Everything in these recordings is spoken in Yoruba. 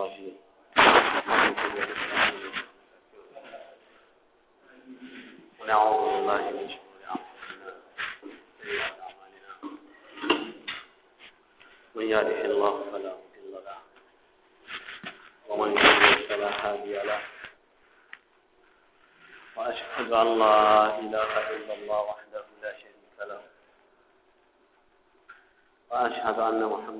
الراجعين ونعوذ بالله من شرور انفسنا وسيئات اعمالنا من يهده الله فلا مضل له ومن يضلل فلا هادي له واشهد ان لا اله الا الله وحده لا شريك له واشهد ان محمدا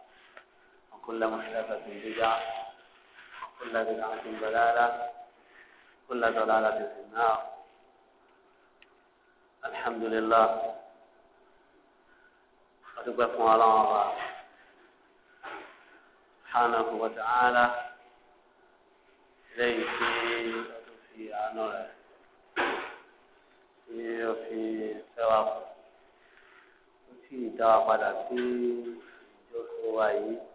كل محلفة بدعة كل بدعة بلالة كل دلالة في النار الحمد لله أتبقوا على الله سبحانه وتعالى إليه في عنوه وفي سواقه وفي دعوة في جوه وعيد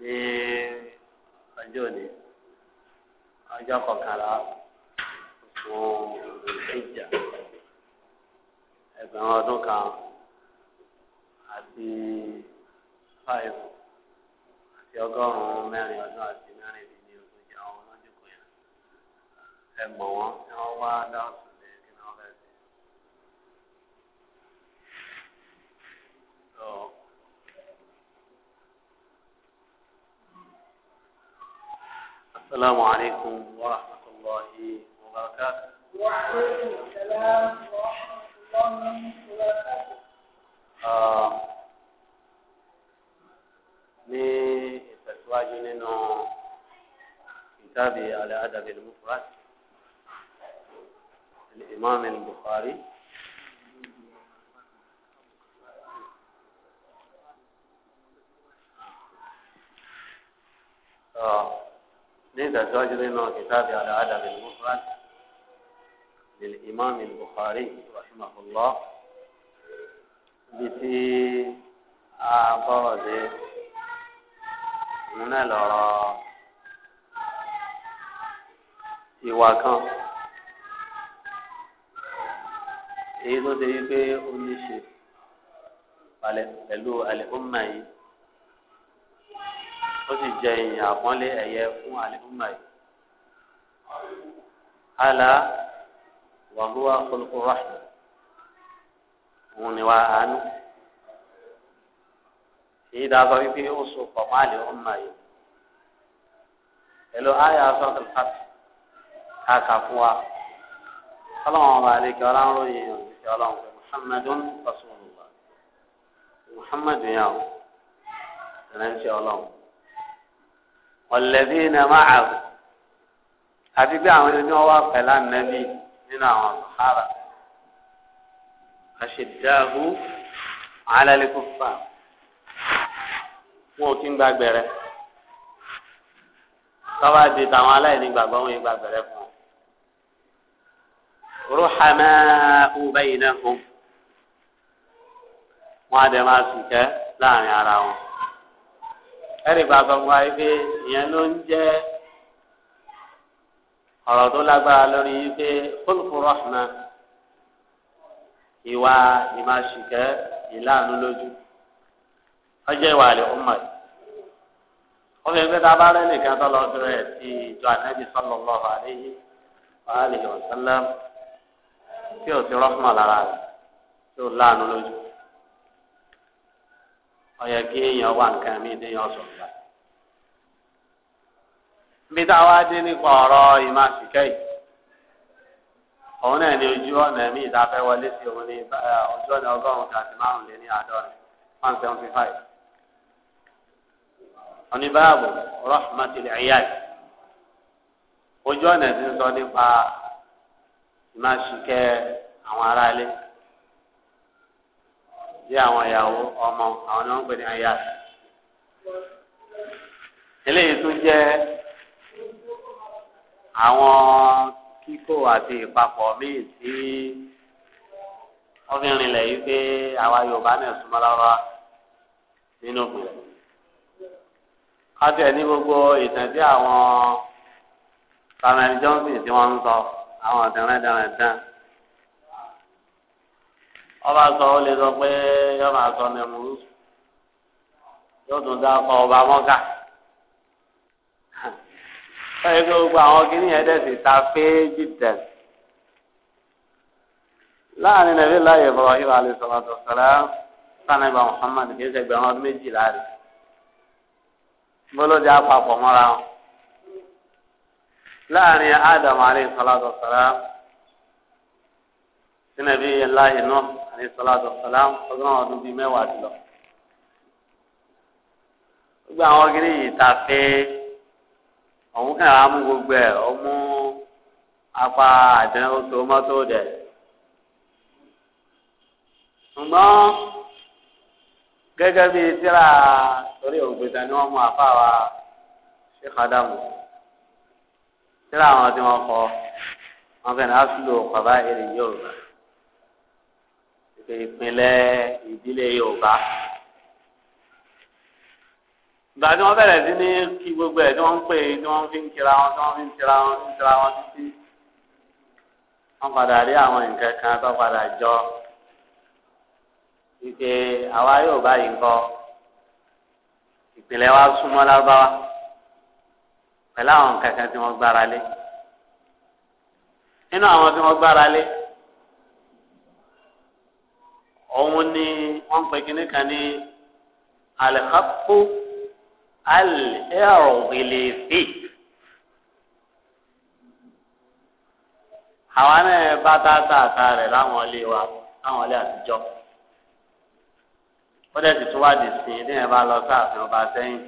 ní ọjọ́ òní ọjọ́ kọkànlá oṣù ìjà ẹgbẹ̀rún ọdún kan àti five àti ọgọ́rùn-ún mẹ́rin ọdún àti mẹ́rin ìdí ní ogójì àwọn kò yẹn ẹ mọ̀ wọ́n tí wọ́n wá dáhùn. السلام عليكم ورحمة الله وبركاته وعليكم السلام ورحمة الله وبركاته ní ìtẹ̀síwájú كتابي على أدب المفرد الإمام البخاري آه ní ìtẹ̀síwájú nínú kìtàbí al-Adab al-Mufrad lil Imam al-Bukhari rahimahullah bí tí a bọ̀rọ̀ dé òun náà lọ́rọ̀ ìwà kan èyí tó ṣe wípé ó ní ṣe pẹ̀lú al-umma yìí ó sì jẹ ìyìn àpọ́nlé ẹ̀yẹ fún àlìfúnmá yìí. ala wàhúwà kọlùkọrọ òun ni wà á nù. èyí dáa sọ wípé ó so pọ̀ mọ́ àlìfúnmá yìí. pẹ̀lú àyà sọ́kìlì pàtó kàkà fún wa. ọlọ́run ọba àlekè ọlọ́run yìí òṣìṣẹ́ ọlọ́run pé muhammadun rasulullah muhammadu yàwó ìrántí ọlọ́run ọ̀lẹ́bí iná máa àbò àti pé àwọn ẹni wọn wá pẹ̀lú ànábì nínú àwọn sàhárà àṣìdáàbò alálẹ́kùnfà wọn ò kí ń gbàgbẹ́rẹ́ tọ́ba di tàwọn aláìní gbàgbọ́ wọn gbàgbẹ́rẹ́ fún wọn. ruhama ubayinahum wọn adẹ máa sùn kẹ láàrin ara wọn ẹ̀rì bá sọ fún wa pé ìyẹn ló ń jẹ́ ọ̀rọ̀ tó lágbára lórí pé fúlùkù rọ̀hánà ìwà ìmáṣìkẹ́ ìlànà lójú ọjọ́ ìwà àlè ọmọ yìí wọ́n fi ń gbẹ́ta bá rẹ́ nìkan tó lọ dúró ẹ̀ sí ìjọ ànábì sallallahu alaihi wa alihi wa sallam tí ò sí rọ́fúnmọ̀ lára rẹ̀ tí ò láàánú lójú ọyọ kí èèyàn wà nǹkan mí dé yàn sọ gbà. bí táwa dé nípa ọ̀rọ̀ ìmọ̀ àṣìkẹ́ yìí òun náà ní ojú ọ̀nà mí ìdáfẹ́ wọlé sí òun ní ojú ọ̀nà ọgọ́rùn-ún àti márùn àádọ́rin one seventy five. òní báàbò rahmatul iyal ojú ọ̀nà ti ń sọ nípa ìmọ̀ àwọn aráalé sí àwọn ìyàwó ọmọ àwọn ni wọ́n ń pè ní ayat eléyìí tún jẹ́ àwọn kíkó àti ìpapọ̀ míì tí wọ́n fi rinlẹ̀ yìí pé àwa Yorùbá náà súnmọ́ lára nínú ìpìlẹ̀ kátìẹ̀ ní gbogbo ìtàn tí àwọn Samuel Johnson tí wọ́n ń sọ àwọn ọ̀dẹ̀rẹ̀dẹ̀rẹ̀ dán ọba sọ ó lè sọ pé yọ máa sọ nẹmúrú yóò tún dá ọkọ ọba mọ́gà báyìí pé gbogbo àwọn kìíní yẹn dẹ̀ sì ta péjì tẹ̀ láàrin nàbí láàyè Ibrahim alayhi salatu wassalam sani ibà Muhammad kì í ṣe gbẹ̀rún ọdún méjìlá rẹ̀ bọ́lọ́dẹ àpapọ̀ mọ́ra wọn láàrin Adam alayhi salatu wassalam sinabi alahi nọ alayhi salatu wa salam ọgbọ̀n ọdún bíi mẹ́wàá ti lọ. gbogbo àwọn gírí yìí ta pé òun kàn á mú gbogbo ẹ̀ ó mú apá àdéhùn oṣù mọ́tò dẹ̀. ṣùgbọ́n gẹ́gẹ́ bíi tíra torí ògbèta ni wọ́n mú apá wa ṣe kàdámù tíra àwọn tí wọ́n kọ́ wọn fẹ́ràn á sùn kọ́bá èrè Yorùbá ìpínlẹ̀ ìdílé Yorùbá gbà tí wọ́n bẹ̀rẹ̀ sí ní kí gbogbo ẹ̀ tí wọ́n ń pè é tí wọ́n fi ń kira wọn tí wọ́n fi ń kira wọn tí ń kira wọn títí wọ́n padà rí àwọn nǹkan kan tó padà jọ wípé àwa Yorùbá yìí ń kọ́ ìpínlẹ̀ wa súnmọ́ lárúbáwá pẹ̀lú àwọn nǹkan kan tí wọ́n gbára lé nínú àwọn tí wọ́n gbára lé òun ni wọ́n pè kíní kan ní alikapu alẹ́rọ̀gbẹ̀lẹ́fì. àwa náà bá tààtà àta rẹ̀ láwọn ilé wa láwọn ilé àtijọ́ ó dẹ̀ sì tún wá di sí i níyẹn bá lọ sáàfin ọba sẹ́yìn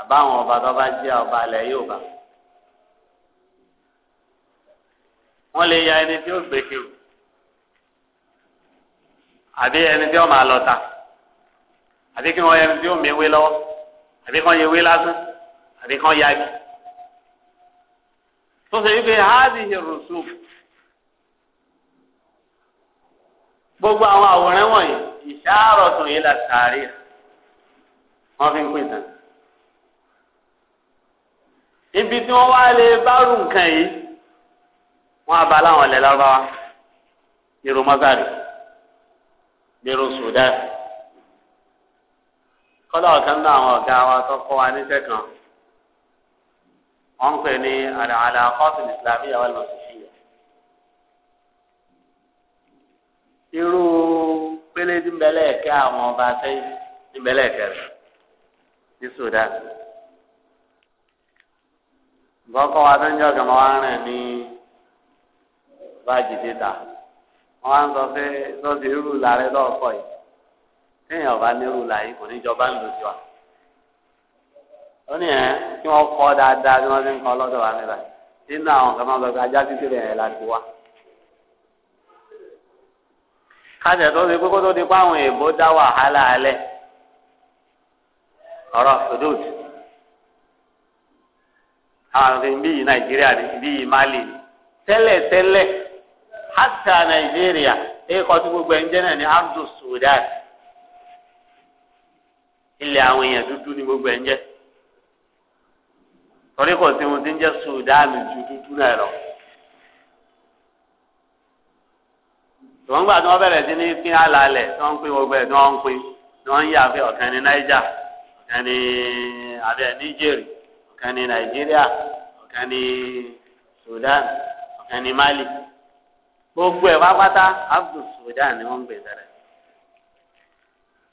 àbáwọn ọba tó bá jẹ́ ọba ilẹ̀ Yorùbá wọ́n lè ya ẹni tí ó gbé kiri àbí ẹni tí wọ́n máa lọ ta àbí kí wọ́n ẹni tí ó mewé lọ́wọ́ àbí kán yewé lásán àbí kán yagi tó ṣe wípé hádìhì rùsùm gbogbo àwọn àwòrán wọ̀nyí ìṣàròtún yìí la sàárè wọ́n fi ń pè tán ibi tí wọ́n wá lè bá rú nǹkan yìí wọ́n á ba láwọn ilẹ̀ lọ́wọ́ ìròmọ́sáré gbèrò Sudan kọ́lá ọ̀kan náà àwọn ọ̀gá wa tó kọ́ wa níṣẹ́ kan wọ́n ń pè ní àlàálà kọ́ọ̀tù ìsìlámì àwọn ìmọ̀síṣìyà irú pélé níbẹ̀lẹ̀ ẹ̀kẹ́ àwọn ọba sẹ́yìn níbẹ̀lẹ̀ ẹ̀kẹ́ rẹ̀ ní Sudan gbọ́kọ́ wa tó ń jọ gàmọ́ wa rìn ní báàgì títà wọn á ń sọ pé lọ́sì rúrù làárẹ̀ lọ́ọ̀kọ́ yìí téèyàn bá ní rúrù làárẹ̀ kò ní jọba ń lò sí wa ó ní ẹ kí wọ́n kọ́ dáadáa bí wọ́n ti ń kọ́ lọ́dọ̀ wa níbà nínú àwọn kan máa ń sọ pé ajá títí rẹ̀ láti wá. kájẹ̀ tó ti pé kó tó di pé àwọn èèbó dá wàhálà alẹ́ ọ̀rọ̀ fòdòdì àwọn àti bí Nàìjíríà ni bí yìí Málì hata nigeria èyí kọ́ gbogbo ẹ̀ náà ardu sudan ilẹ̀ àwọn èèyàn dúdú gbogbo ẹ̀ torí kò sí ohun tí ń sudan ju dúdú náà lọ. gbà tí wọ́n bẹ̀rẹ̀ sí ní pín tí wọ́n ń pín gbogbo ẹ̀ tí wọ́n ń pín wọ́n ń yà fẹ́ ọ̀kan ní niger ọ̀kan ní abẹ́ niger ọ̀kan ní mali. gbogbo ẹ̀ pápátá Abdul Sudan ni wọ́n ń gbè sẹ́rẹ̀.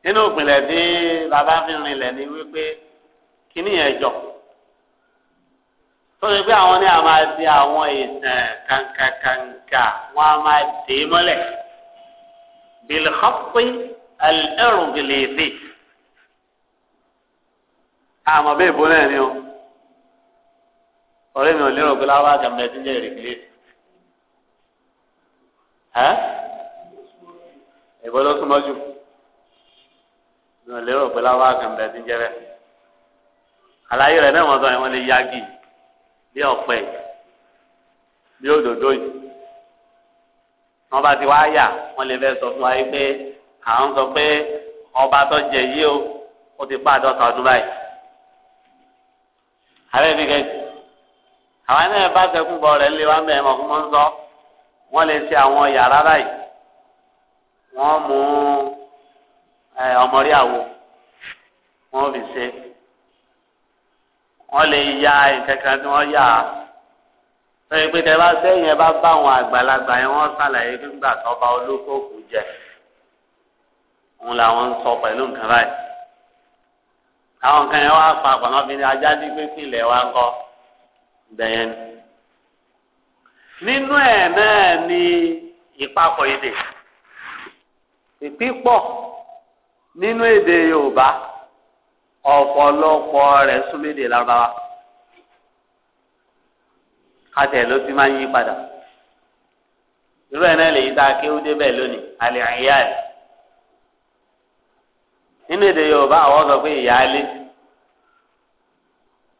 nínú ìpìlẹ̀ tí bàbá fi rinlẹ̀ ni wípé kíní yẹn jọ tó ṣe pé àwọn ní a máa di àwọn ìtàn kàǹkàǹkà wọn a máa dè mọ́lẹ̀ bilhafi alẹ́rùngìlèdè àmọ́ bẹ́ẹ̀ bọ́lẹ̀ ni o ọ̀rẹ́ mi ò lérò pé láwọn bá kàmẹ́tì jẹ́ ìrèkìlẹ́sì ẹ ìbọn ló súnmọ́ jù mi ò lérò pé láwọn àkànbẹ ti ń jẹ bẹ àlàyé rẹ náà wọn sọ yẹn wọn lè yagi bí ọ̀pẹ bí òdòdó yìí wọn bá ti wá yà wọn lè fẹ́ sọ fún wa yìí pé àwọn sọ pé ọba tó jẹ yìí o ó ti pa àdọ́ta ọdún báyìí ààrẹ nìkejì àwọn náà bá sẹkùn bọ rẹ ńlẹ wa mẹ ẹ mọ sọ wọ́n lè ṣe àwọn yàrá báyìí wọ́n mú ọmọrí àwo wọ́n fi ṣe wọ́n lè ya ìkẹ́kẹ́ tí wọ́n yà á lórí pé tẹ́lá sẹ́yìn bá bá àwọn àgbàlagbà yẹn wọ́n ṣàlàyé nígbà tó bá olókòkò jẹ òun làwọn ń sọ pẹ̀lú nǹkan báyìí àwọn nǹkan yẹn wá pa àpamọ́ fi ajá dípé pìlẹ̀ wá ń kọ́ bẹ́yẹn ni. nínú ẹ̀ náà ni ìpapọ̀ èdè ìpípọ̀ nínú èdè Yorùbá ọ̀pọ̀lọpọ̀ rẹ̀ súnmẹ́dè Lárúbáwá kátẹ̀ ló ti máa ń yí padà irú ẹ̀ náà lè tá a kéwú débẹ̀ lónìí àyíyá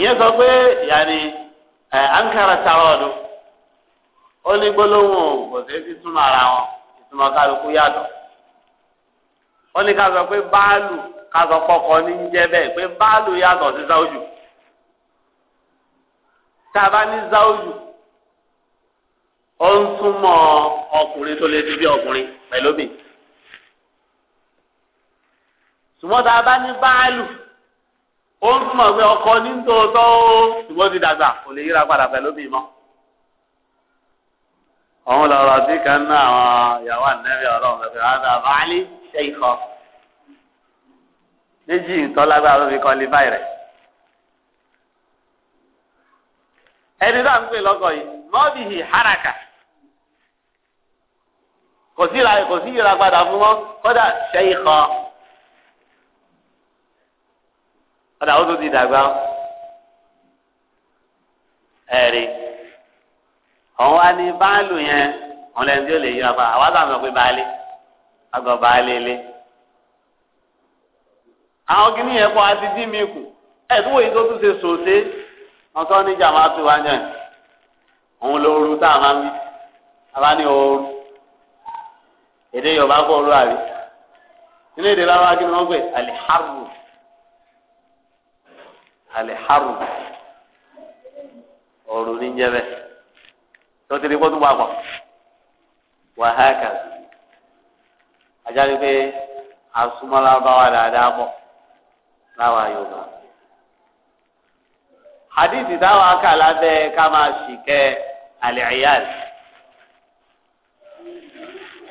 ìyẹn sọ pé yàní ẹ ankara sarọọdù ó ní gbólóhùn kò sí títúmọ̀ ara wọn ìtumọ̀ kálukú yàtọ̀ ó ní ká sọ pé báàlù ká sọ pọkọ ní ń jẹ bẹ́ẹ̀ pé báàlù yàtọ̀ sí záwùjù tá a bá ní záwùjù ó ń túmọ̀ ọkùnrin tó lè ti bí ọkùnrin pẹ̀lú ó ń túmọ̀ pé ọkọ ní tòótọ́ ó ṣùgbọ́n ti dàgbà kò lè yíra padà pẹ̀lú mi mọ́. àwọn lọ́rọ̀ tí kan ná àwọn ìyàwó ànẹ́bí ọlọ́run pẹ̀lú àwọn àbáálí ṣe ikọ̀ méjì ìtọ́lágbára ló fi kọ́ lé báyìí rẹ̀. ẹni náà ń pè lọ́kọ̀ yìí mọ́bì hì kò sí ìyíra padà fún wọn kódà ṣe ikọ̀. ọ̀dà ó tún ti dàgbà ẹ̀rí ọ̀hún á ní báàlù yẹn òun lẹ́nu tí ó lè yí wọn pa àwa sàmì ọ̀pẹ baálé àgọ́ baálé ilé àwọn kìnìyẹn kọ́ àti dín mi kù ẹ̀dúwò yìí tó tún ṣe sòṣe ọ̀tọ́ ní jàmá tó wá yẹn òun ló ru tá a máa ń bí a bá ní ooru èdè yorùbá kó ooru àrí nínú èdè lára kí ni wọ́n pè alihamu aliharu ọ̀rùn ní jẹ́bẹ̀ tó ti di kó tó bá pọ̀ wàhákà ajá ni pé asúmọ́lá bá wà dáadáa pọ̀ láwa yorùbá hadithi táwọn akàlà bẹ́ẹ̀ ká máa sì kẹ́ àlìyáàlì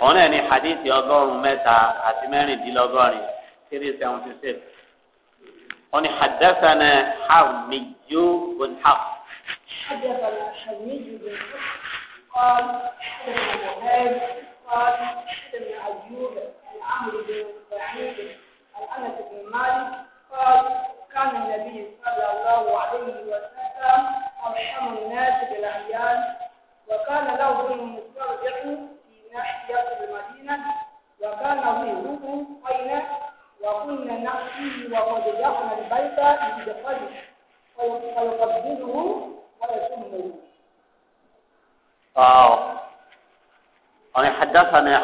ọ̀nà ni hadithi ọgọ́rùn-ún mẹ́ta àti mẹ́rìndínlọ́gọ́rin three seventy six. oni ní haddathana hamiju bin haf. haddathana hamiju bin haf qal haddathana muhaj qal haddathana ayub an amr bin sa'id.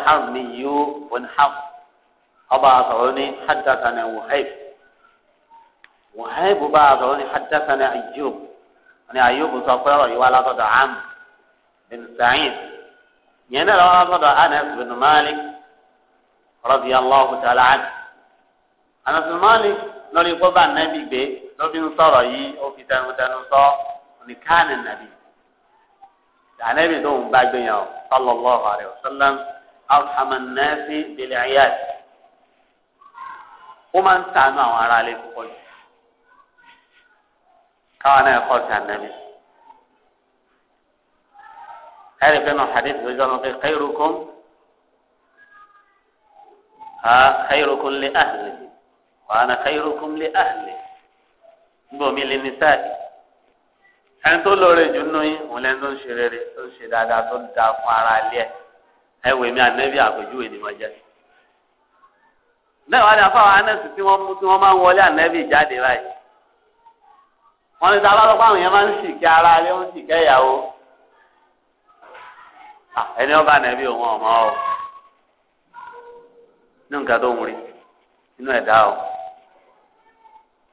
الحرمي بن حرب ọba àtọ̀rọ̀ ní haddatana wùhẹ́b wùhẹ́b bá àtọ̀rọ̀ ní haddatana ayub ní ayub sọ pé ọ̀rọ̀ yìí wá látọ̀dọ̀ am bin sa'id yẹn náà lọ́wọ́ látọ̀dọ̀ anas bin malik radiyallahu ta'ala an anas bin malik lórí ikú bá nàbì gbé lóbi ń sọ̀rọ̀ yìí ó fi tẹnutẹnu sọ ní káàní nàbì ànábì tó ń bá gbé yàn sallallahu alaihi wasallam. أرحم الناس بالعياد ومن سعنا وعلى عليك قل كان يقول سعن النبي هل بين الحديث بجانا في خيركم خيركم لأهل وأنا خيركم لأهل بومي للنساء أنتو لوري جنوي ولندون شريري سوشي دادا تون تاقوا على اليه ẹwẹ mi ànẹbí àpèjúwe ni mo jẹ náà wà ní afáwọn anẹsì tí wọn mú tí wọn máa ń wọlé ànẹbí jáde báyìí wọn ní sábà lọpọ àwọn yẹn máa ń sì kí ara rẹ ń sì kẹ ìyàwó ẹni ọba ànẹbí òun ọmọ o ní nǹkan tó ń rí inú ẹ̀dá o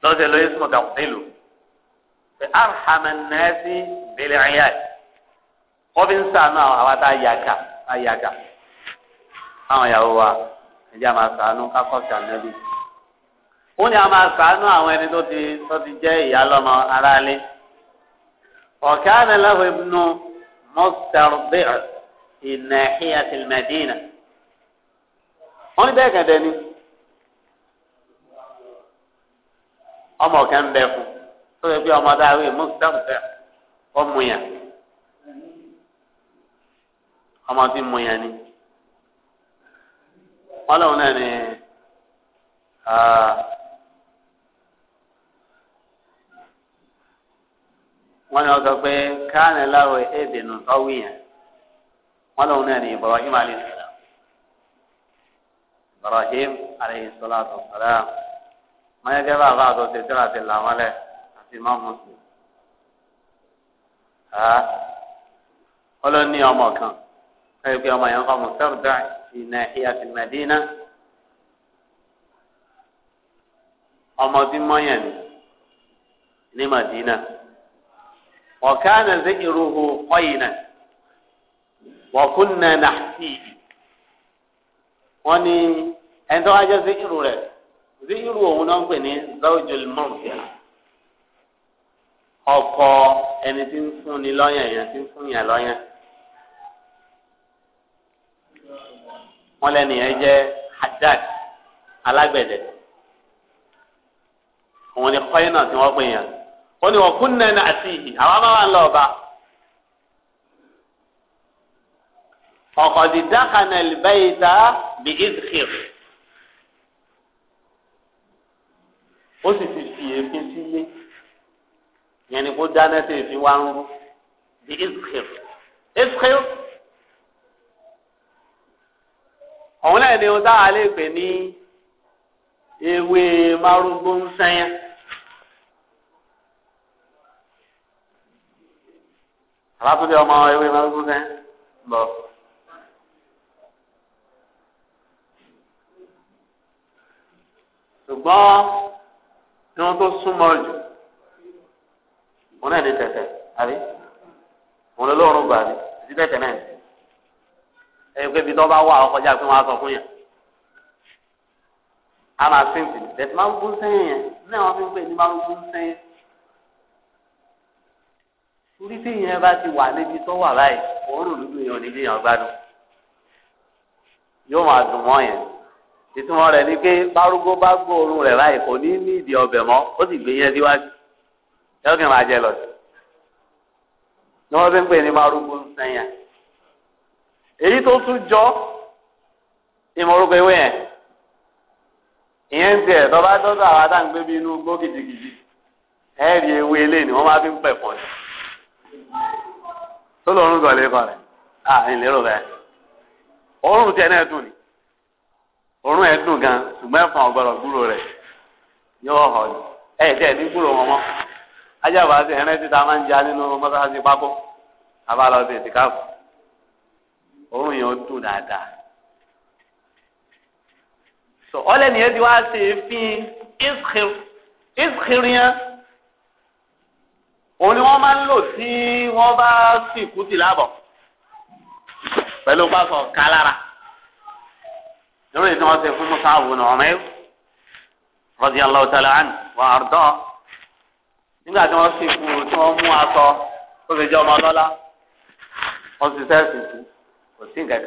lọ́sẹ̀ lóye sùn kà nílùú pé arhamannasi bẹ̀rẹ̀ ayé wọ́n ń sànú àwọn àwọn àtàyàkà ayàgà àwọn ìyàwó wa ẹjẹ́ a máa sàánú kákọ́sì ànábì ó ní a máa sàánú àwọn ẹni tó ti tó ti jẹ́ ìyá lọ́mọ aráalé ọ̀kẹ́ ànàlẹ́wò ibùnú mọ́tàrbẹ́ ìnàhíyà tìlmẹ̀dínà wọ́n ní bẹ́ẹ̀ kẹ́dẹ́ ni ọmọ kẹ́ ń bẹ fún tó yẹ kí ọmọ dáwé mọ́tàrbẹ́ ọmọ yẹn ọmọ tí mo yẹn ni wọn lòun náà ni wọn ni wọn sọ pé káàní láwọ èdè nù sọwí yẹn wọn lòun náà ni Ibrahim alayhi salam Ibrahim alayhi salatu wa salam wọn bá a bá a tó ṣe tí ti là wọn lẹ àti mọ mùsùlùmí ọlọ́ni ọmọ kan ẹ̀rí pé ọmọ yẹn kọ́ mùsàlùdà ìnà ìyàtì mẹ́dínà ọmọ tí mọ́yàn ní mẹ́dínà ọ̀kánà zikiruhu kọ́yìnà wọ̀kúnnà nàxtì wọ́n ní ẹni tó wájú zikiru rẹ̀ zikiru òun náà ń pè ní zawjul mọ́ọ̀kì ọkọ ẹni tí ń fún ni lọ́yàn yẹn tí ń fún yẹn lọ́yàn. wọn lẹ́nu yẹn jẹ́ haddad alágbẹ̀dẹ òun ni kọ́yìnà tí wọ́n pè yàn ó ní wọ́n kún nẹ́ẹ̀nà àti ìhì àwa máa wà ń lọ ọba. ọ̀kọ̀dì dákànà ìbẹ́yìíta bí ìzìkìr ó sì ti fi èéfín sílé yẹn ni kó dáná sí èéfín wá ń rú bí ìzìkìr ìzìkìr. ọ̀hún náà ni ohun táwọn alẹ́ pè ní ewé márùngbó ń sẹ́yìn. alátúndé ọmọ ewé márùngbó sẹ́yìn lọ. ṣùgbọ́n irun tó súnmọ́ jù òun náà ní tẹ̀tẹ̀ àbí òun lọ́rùn gbà àbí títẹ̀tẹ̀ náà ẹ̀yìn pé ibi tó bá wà ọkọjá pé wọ́n á sọ fún yẹn a máa sìn tì bẹ̀tì máa ń gún sẹ́yìn yẹn náà wọ́n fi ń pè ní máa ń gún sẹ́yìn orí tí ìyẹn bá ti wà níbi tó wà báyìí òórùn lùdù yẹn ò ní jẹyàn gbádùn yóò máa dùn mọ́ yẹn ìtumọ̀ rẹ̀ ni pé bárúgbó bá gbóòórùn rẹ̀ báyìí kò ní ní ìdí ọbẹ̀ mọ́ ó sì gbé yẹn síwájú yóò kì í máa jẹ lọ sí ni wọ́n fi ń pè ní bárúgbó sẹ́yìn èyí tó tún jọ ìmọ̀rúkọ ewé yẹn ìyẹn ń tiẹ̀ tọ́ba dọ́dọ̀ àwọn adáǹgbé bíi inú gbó gidigidi ẹ̀ẹ́dì ewé ni wọ́n máa fi ń pẹ̀ pọ̀ tó lọ́rùn gọ̀ọ́lé kọ́ rẹ̀ à ìlérò bẹ́ẹ̀ òórùn tiẹ̀ náà dùn ni òórùn ẹ̀ dùn gan ṣùgbọ́n ẹ̀fọn ọ̀gbọ́dọ̀ gbúrò rẹ̀ yóò òun yẹn ó dùn dáadáa so ọlẹ nìyẹn ti wá ṣe fín ìṣìríyàn òun ni wọ́n máa ń lò tí wọ́n bá sìnkú sí lábọ̀ pẹ̀lú pásọ̀ kálára lórí tí wọ́n ṣe fún musa àwùjọ ọmọ ẹ rọdí aláwọsálà àná wà á dọ nígbà tí wọ́n sìnkú tí wọ́n mú aṣọ tó fi jẹ ọmọ lọ́lá wọ́n sì sẹẹsì sí. kò sí kan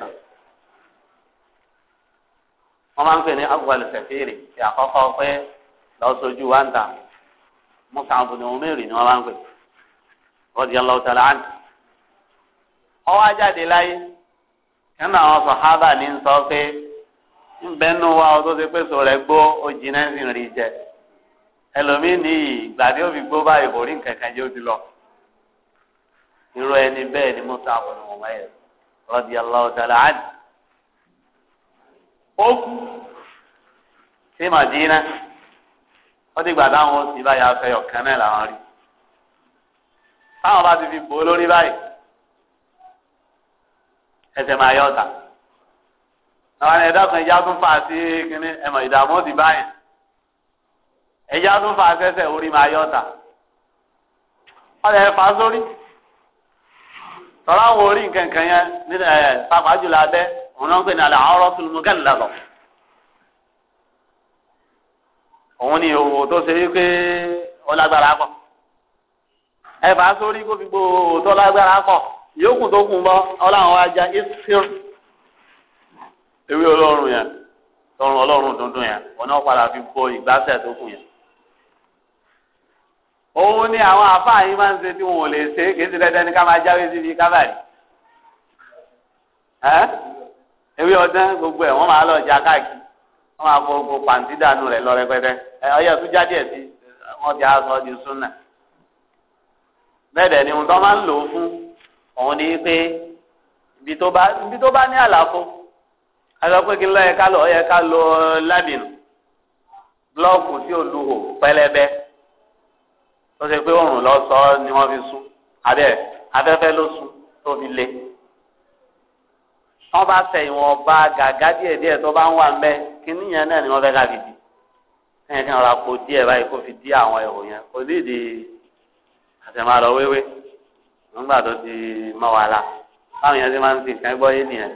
wọ́n máa ń pè ní agbọ̀lù sẹ̀fìrì ti àkọ́kọ́ pé lọ́sọ̀jú wa ń tà mùsàlùm ni wọ́n máa ń pè radiyallahu ta'ala anhu. ọwọ́ ajáde láyé nínú àwọn sọ̀hábà ní ń sọ pé ń bẹ́nu wa ọ tó ṣe rẹ̀ gbó ó jiná rí jẹ ẹlòmíín ní ìgbà tí ó fi gbó báyìí kò rí nǹkan kan ni radiyallahu ta'ala anhu ó kú sí Madina wọ́n ti gbà táwọn ó sì báyà fẹ́ ọ̀kan náà làwọn rí táwọn bá ti fi bò lórí báyìí ẹsẹ̀ máa yọ ọ̀tà àwọn ẹ̀dá kan ẹja tún fà á sí kínní ẹ̀mọ̀ ìdààmú ti báyìí ẹja tún fà á sẹ́sẹ̀ orí máa yọ ọ̀tà wọ́n lè fà sórí. tọ́lá wo orí nǹkan kan yẹn ní ẹ̀ pàápàá jùlọ abẹ́ òun náà ń pè ní alẹ́ ọ̀rọ̀ tùlùmọ́gàlì lọ́lọ́. òun ni òwò tó ṣe wípé ó lágbára pọ̀ ẹ bá sórí kó fi gbòòwò tó lágbára tó ewé ọlọ́run yẹn tọrùn òun ni àwọn àfáà yìí máa ń ṣe tí wọn ò lè ṣe kì í ṣe dandan ní ká máa jáwé síbi kábàárì ewé ọdún gbogbo ẹ wọn máa lọ ja káàkiri wọn máa fọ gbogbo pàǹtí dànù rẹ lọ rẹpẹtẹ ọyọ tó jáde ẹ wọn ti aṣọ di súnà bẹ́ẹ̀ ni máa ń lò ó fún òun ni pé ibi tó bá ní àlàfo pé kí n lọ yẹ ká lọ tó ṣe pé òrùn lọ sọ ni wọ́n fi sùn abẹ́ afẹ́fẹ́ ló sùn tó fi lé wọ́n bá fẹ ìwọn ba gàgá díẹ̀ díẹ̀ tó bá ń wà mẹ kíní yẹn náà ni wọ́n fẹ́ ká fi di ẹ̀yìn kan ra kó díẹ̀ báyìí kó fi dí àwọn ẹ̀hò yẹn kò ní ìdí àtẹ̀mọ́ lọ wéwé nígbà tó ti mọ wà la báwọn yẹn ti máa ń fi nǹkan gbọ́ yé nìyẹn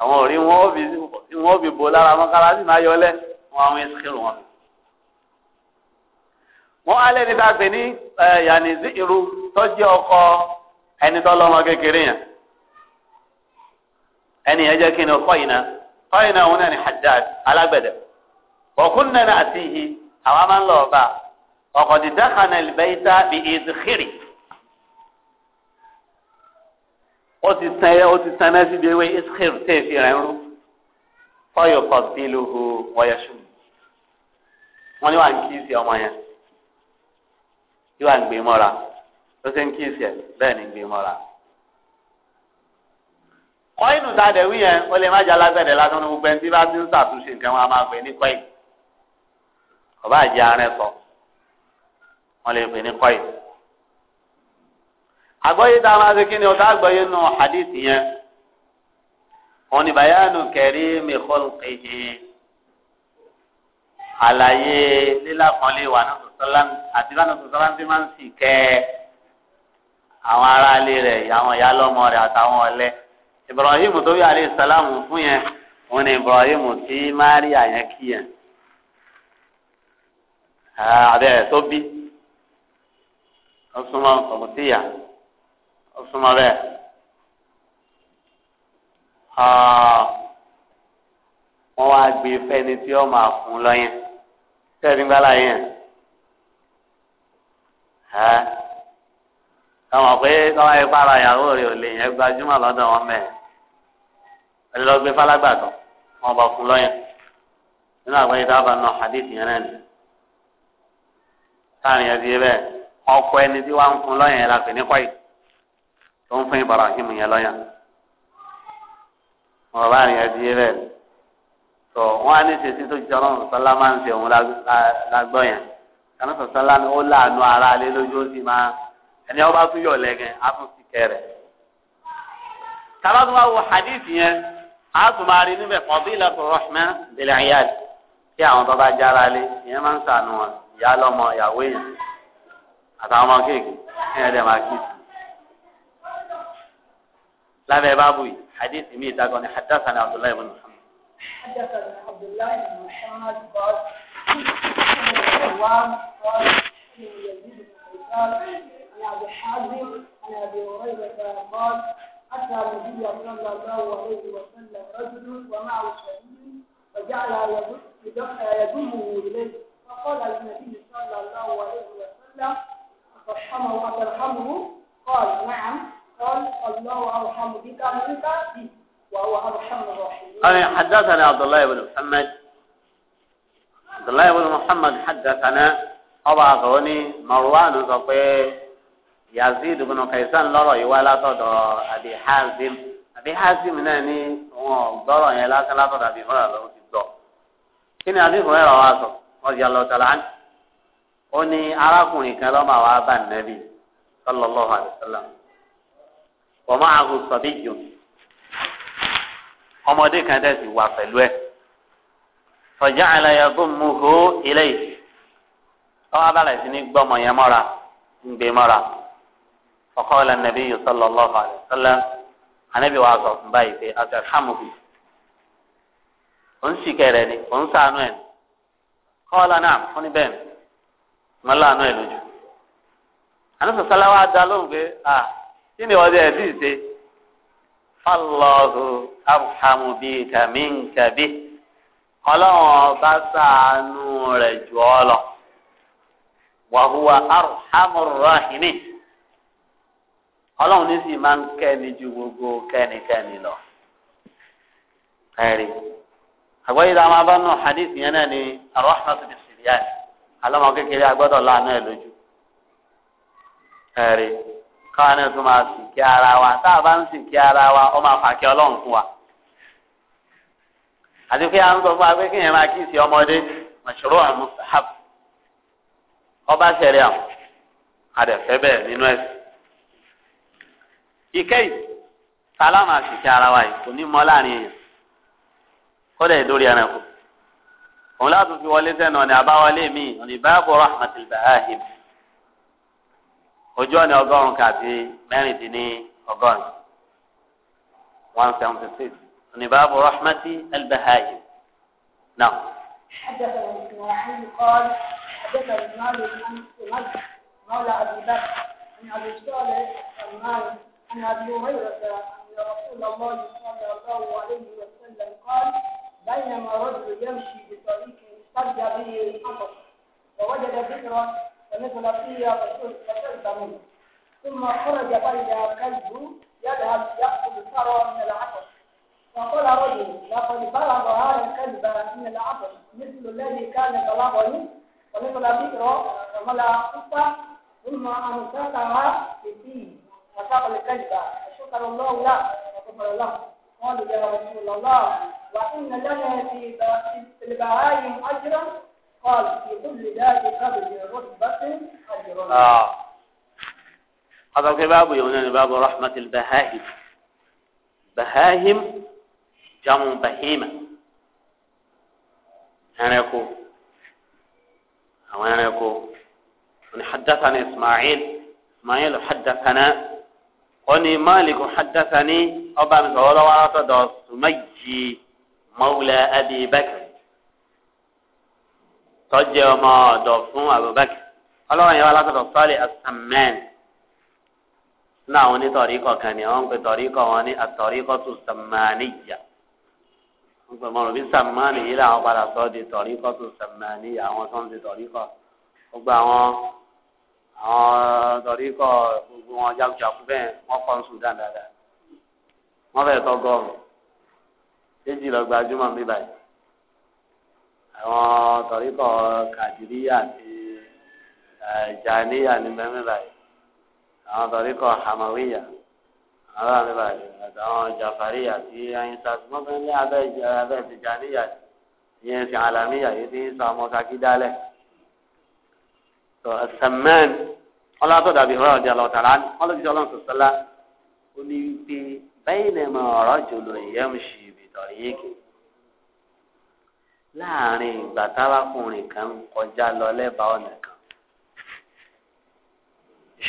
àwọn òrí wọn ó fi bo lára mọ́kálá sì wọ́n á lẹ́ni tá a pè ní yàní sí irú tọ́jú ọkọ ẹni tó lọ́mọ kékeré yẹn ẹni yẹn jẹ́ kí ni ọkọ yìí náà ọkọ yìí náà òun náà ni Haddad alágbẹ̀dẹ ọkùnrin náà náà àti ìhì àwa máa ń lọ ọba ọkọ̀ dídákanà ìbẹ́yìíta bí ìdíkìrì. ó ti tán ẹ ó ti tán ẹ síbi ewé iskir tẹ́ fi rẹ̀ ń rú fọyọ̀ kọ̀ bílùú wọ́yẹ̀ṣù wọ́n ní wà ń kí sí ọmọ yẹn yóò wá ń gbé mọ́ra ló ṣe ń kí ìsì ẹ̀ bẹ́ẹ̀ ni ń gbé mọ́ra. kọ́ìnù tá a dẹ̀ wí yẹn ó lè má jẹ́ alágbẹ̀dẹ̀ lásán ní gbogbo ẹni tí bá ti ń ṣàtúnṣe nǹkan wọn a máa pè ní kọ́ìn ọba àjẹ arẹ sọ wọn lè pè ní kọ́ìn. àgbọ́yé tá a máa ṣe kí ni ọ̀tá àgbọ́yé nù hadith yẹn wọn ni bayanu karimi khalqihi àlàyé lílàkànlé wà náà sọlán àti bá nàbì sọlán ti máa ń sì kẹ́ àwọn aráalé rẹ̀ àwọn ìyá lọ́mọ rẹ̀ àtàwọn ọ̀lẹ́ Ibrahim tó bí alẹ́ sàlámù fún yẹn òun ni Ibrahim tí Maria yẹn kí yẹn àbẹ̀rẹ̀ ah, tó bí ó súnmọ́ ọ̀mùtíyà ó súnmọ́ bẹ́ẹ̀. Ah, wọ́n wá gbé fẹ́ni tí ó máa fún lọ́yẹn tẹ́ẹ̀díngbàlá yẹn ẹ tọmọ pé tọmọ yẹn fara ìyàwó rẹ ò lè yẹn gbajúmọ̀ lọ́dọ̀ wọn mẹ ẹ lọ gbé falágbàdàn wọn bá fún lọyàn nínú àgbáyé dábàá náà hadith yẹn náà ni sáàrin yẹn ti yẹ bẹ́ẹ̀ ọkọ ẹni tí wàá ń fún lọyàn yẹn la pè ní kọyì tó ń fún Ibrahim yẹn lọyàn wọn bá rìn yẹn ti yẹ bẹ́ẹ̀ tọ wọn á ní sèṣin tó jẹ Ọlọ́run sọlá máa ń ṣe òun lágbọ yẹn kanasọsọlá ni ó láàánú ara alẹ lójú ó sì máa ẹni ọba tún yọ lẹgẹ afúnfi kẹrẹ tabatu wa wo hadith yẹn a tún máa rí níbẹ̀ fadilatu rahma bil iyal tí àwọn bàbá jára lé ìyẹn máa ń sànù wọn ìyá lọmọ ìyàwó yẹn àtàwọn ọmọ kéèké ẹ̀yẹ dẹ̀ máa kí sí. lábẹ́ báàbù yìí hadith mi ìtakọ̀ ni hadassah ni abdullahi ibn muhammad. عن ابي هريره قال اتى النبي صلى الله عليه وسلم رجل ومعه فجعل يدمه اليه فقال للنبي صلى الله عليه وسلم اترحمه اترحمه قال نعم قال الله ارحم نعم. بك منك وهو ارحم الراحمين. حدثنا عبد الله بن محمد abdullahi bin muhammad hadathana ọba àgọ́ ní marwan sọ pé yazid bin kaisan lọ́rọ̀ yìí wá látọ̀dọ̀ abi hazim abi hazim náà ní wọn gbọ́rọ̀ yẹn lásán látọ̀dọ̀ abi hura lọ́wọ́ ti gbọ́ kí ni abi hura wá sọ ọjà lọ́tàlá ó ní arákùnrin kan lọ́mọ àwọn abánẹ́bí sallallahu alayhi wa sallam wọ́n máa hù sọ́bí jù ọmọdé kan dẹ̀ sì wà pẹ̀lú ẹ̀. fọjá àlàyébù muhu ilé yìí ọwọ abala sí ní gbọmọ yẹn mọra ń gbé mọra fọkọọlẹ nàbí yìí sọlọ lọfà sọlẹ sọ fún báyìí pé àti sì kẹrẹ ni òun sànú ẹ kọọlá náà fún ní bẹ́ẹ̀ mọ láàánú ẹ lójú anúfẹ wa dá lóhùn pé a kí ni ọdẹ ẹ ṣe bíi kàmínkàbí. ọlọ́run ọba ṣàánú rẹ̀ jù ọ lọ wàhùwà arhamurrahimi ọlọ́run ní sì máa ń kẹ́ni ju gbogbo kẹ́nikẹ́ni lọ. ẹ̀rí àgbáyé tá máa bá nù hadith yẹn náà ni arahmatu bisiriyan alọ́mọ kékeré agbọ́dọ̀ ẹ̀ lójú. ẹ̀rí káwọn ẹ̀ máa sì kí ara wa àti pé à ń sọ fún wa pé kí yẹn máa kí ìsì ọmọdé mọ̀ṣúrò àmúhàb ọba ṣẹlẹ̀ àwọn adẹ̀fẹ́ bẹ́ẹ̀ nínú ẹ̀sìn. ìkẹyìn sálámù àṣìṣe ara wa yìí kò ní mọ láàrin èèyàn kódà ìdórí ẹranko òun láti fi wọlé sẹ́nu ọ̀nà àbáwọlé mi ọ̀nà ìbáàbò rahmatul bahahim ojú ọ̀nà ọgọ́rùn-ún kàbí mẹ́rìndínlọ́gọ́rùn-ún one seventy six. ní báàbù rahmati al-bahayim náà. حدثنا اسماعيل قال حدثنا مالك عن سمعت مولى ابي بكر عن ابي صالح المالي عن ابي هريره ان رسول الله صلى الله عليه وسلم قال بينما رجل يمشي بطريق اشتد به الحطب فوجد ذكرى فنزل فيها فشرب منه ثم خرج فاذا كلب يذهب ياخذ ثرى من العطش فقال رجل لقد بلغ هذا الكذب من العصر مثل الذي كان بلغني ومثل ذكر ملا قصة ثم أمسكها بالدين وساق الكذب شكر الله له وكفر له قال يا رسول الله وإن لنا في البهائم أجرا قال في كل ذات قبل رتبة أجر آه. هذا كباب يقولون باب رحمة البهائم بهائم jamu bahima ẹranko àwọn ẹranko wọn haddathani ismail ismail haddathana wọn ni malik haddathani ọba mi sọ̀rọ̀ lọ́wọ́ àtọ̀dọ̀ sumayi mawla abi bakr tọ́jú ọmọ ọ̀dọ̀ fún abubakar ọlọ́run yẹn wà látọ̀dọ̀ sọ́ọ̀lì asamẹ́n nínú àwọn onítọ̀ríkọ̀ kan ni wọ́n ń pe tọ̀ríkọ̀ wọn ní àtọ̀ríkọ̀ tó sàmánìyà gbọmọrò bí sàmánì yìí làwọn padà sọ di tọríkọ tó sàmánì àwọn tó ń di tọríkọ gbogbo àwọn àwọn tọríkọ gbogbo wọn jákujáku bẹ́ẹ̀ wọn kọ sùn dáadáa wọn fẹ́ẹ̀ tọ gọrùn méjì lọ gbajúmọ̀ mi báyìí àwọn tọríkọ kàdíríyà àti jàníyà ni mẹmẹ báyìí àwọn tọríkọ hàmáwíyà àwọn àmì bàjẹ́ àtàwọn jàfàrí àti àyìnsá wọn fẹ́ ní abẹ́ abẹ́ tìjàníyà yẹn fi àlàmíyà yìí ti ń sọ ọmọ kakí dálẹ̀. sàmẹ́n ọlọ́tọ̀ dàbí ọ̀rọ̀ ọ̀dẹ ọlọ́tàrà wọn ló ti ó ní wípé bẹ́ẹ̀ ni mo ọ̀rọ̀ jòlò ìyẹ́ mi ṣì bìtọ̀ yìí kì láàrin ìgbà tárakùnrin kan kọjá lọ lẹ́bàá ọ̀nà kan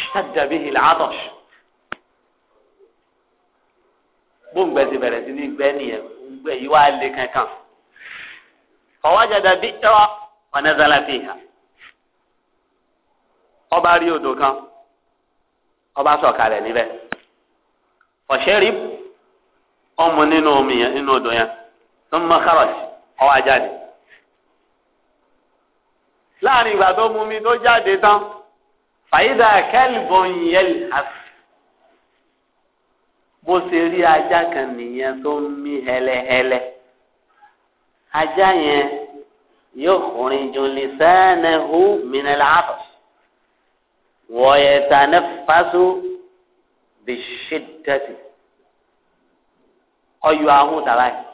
ṣàdàbí ìlà àtọ̀ṣù. gbóngbẹ ti bẹ̀rẹ̀ sí ní gbẹ́ nìyẹn gbẹ yìí wá lé kankan ọwọ́jàdà bí ẹwà ọ̀nẹ́sàlá fi hà ọba rí odò kan ọba sọ̀kalẹ̀ níbẹ̀ ọ̀ṣẹ́rì ọmọ nínú omi yẹn nínú odò yẹn tó ń mọ kárọ̀tì ọwọ́ ajáde láàrin ìgbà tó mú mi tó jáde tán fàyídà kẹ́lìbọ̀n yẹn àti bó ṣe rí ajá kan nìyẹn tó ń mí hẹlẹhẹlẹ ajá yẹn yóò kùnrin jùlẹ sẹ́ẹ̀nẹ̀ hu mìíràn láàbọ̀ wọ̀nyẹ̀ta ní fásó bí ṣídẹ́tì ọyọ ahọ́n tàbá yìí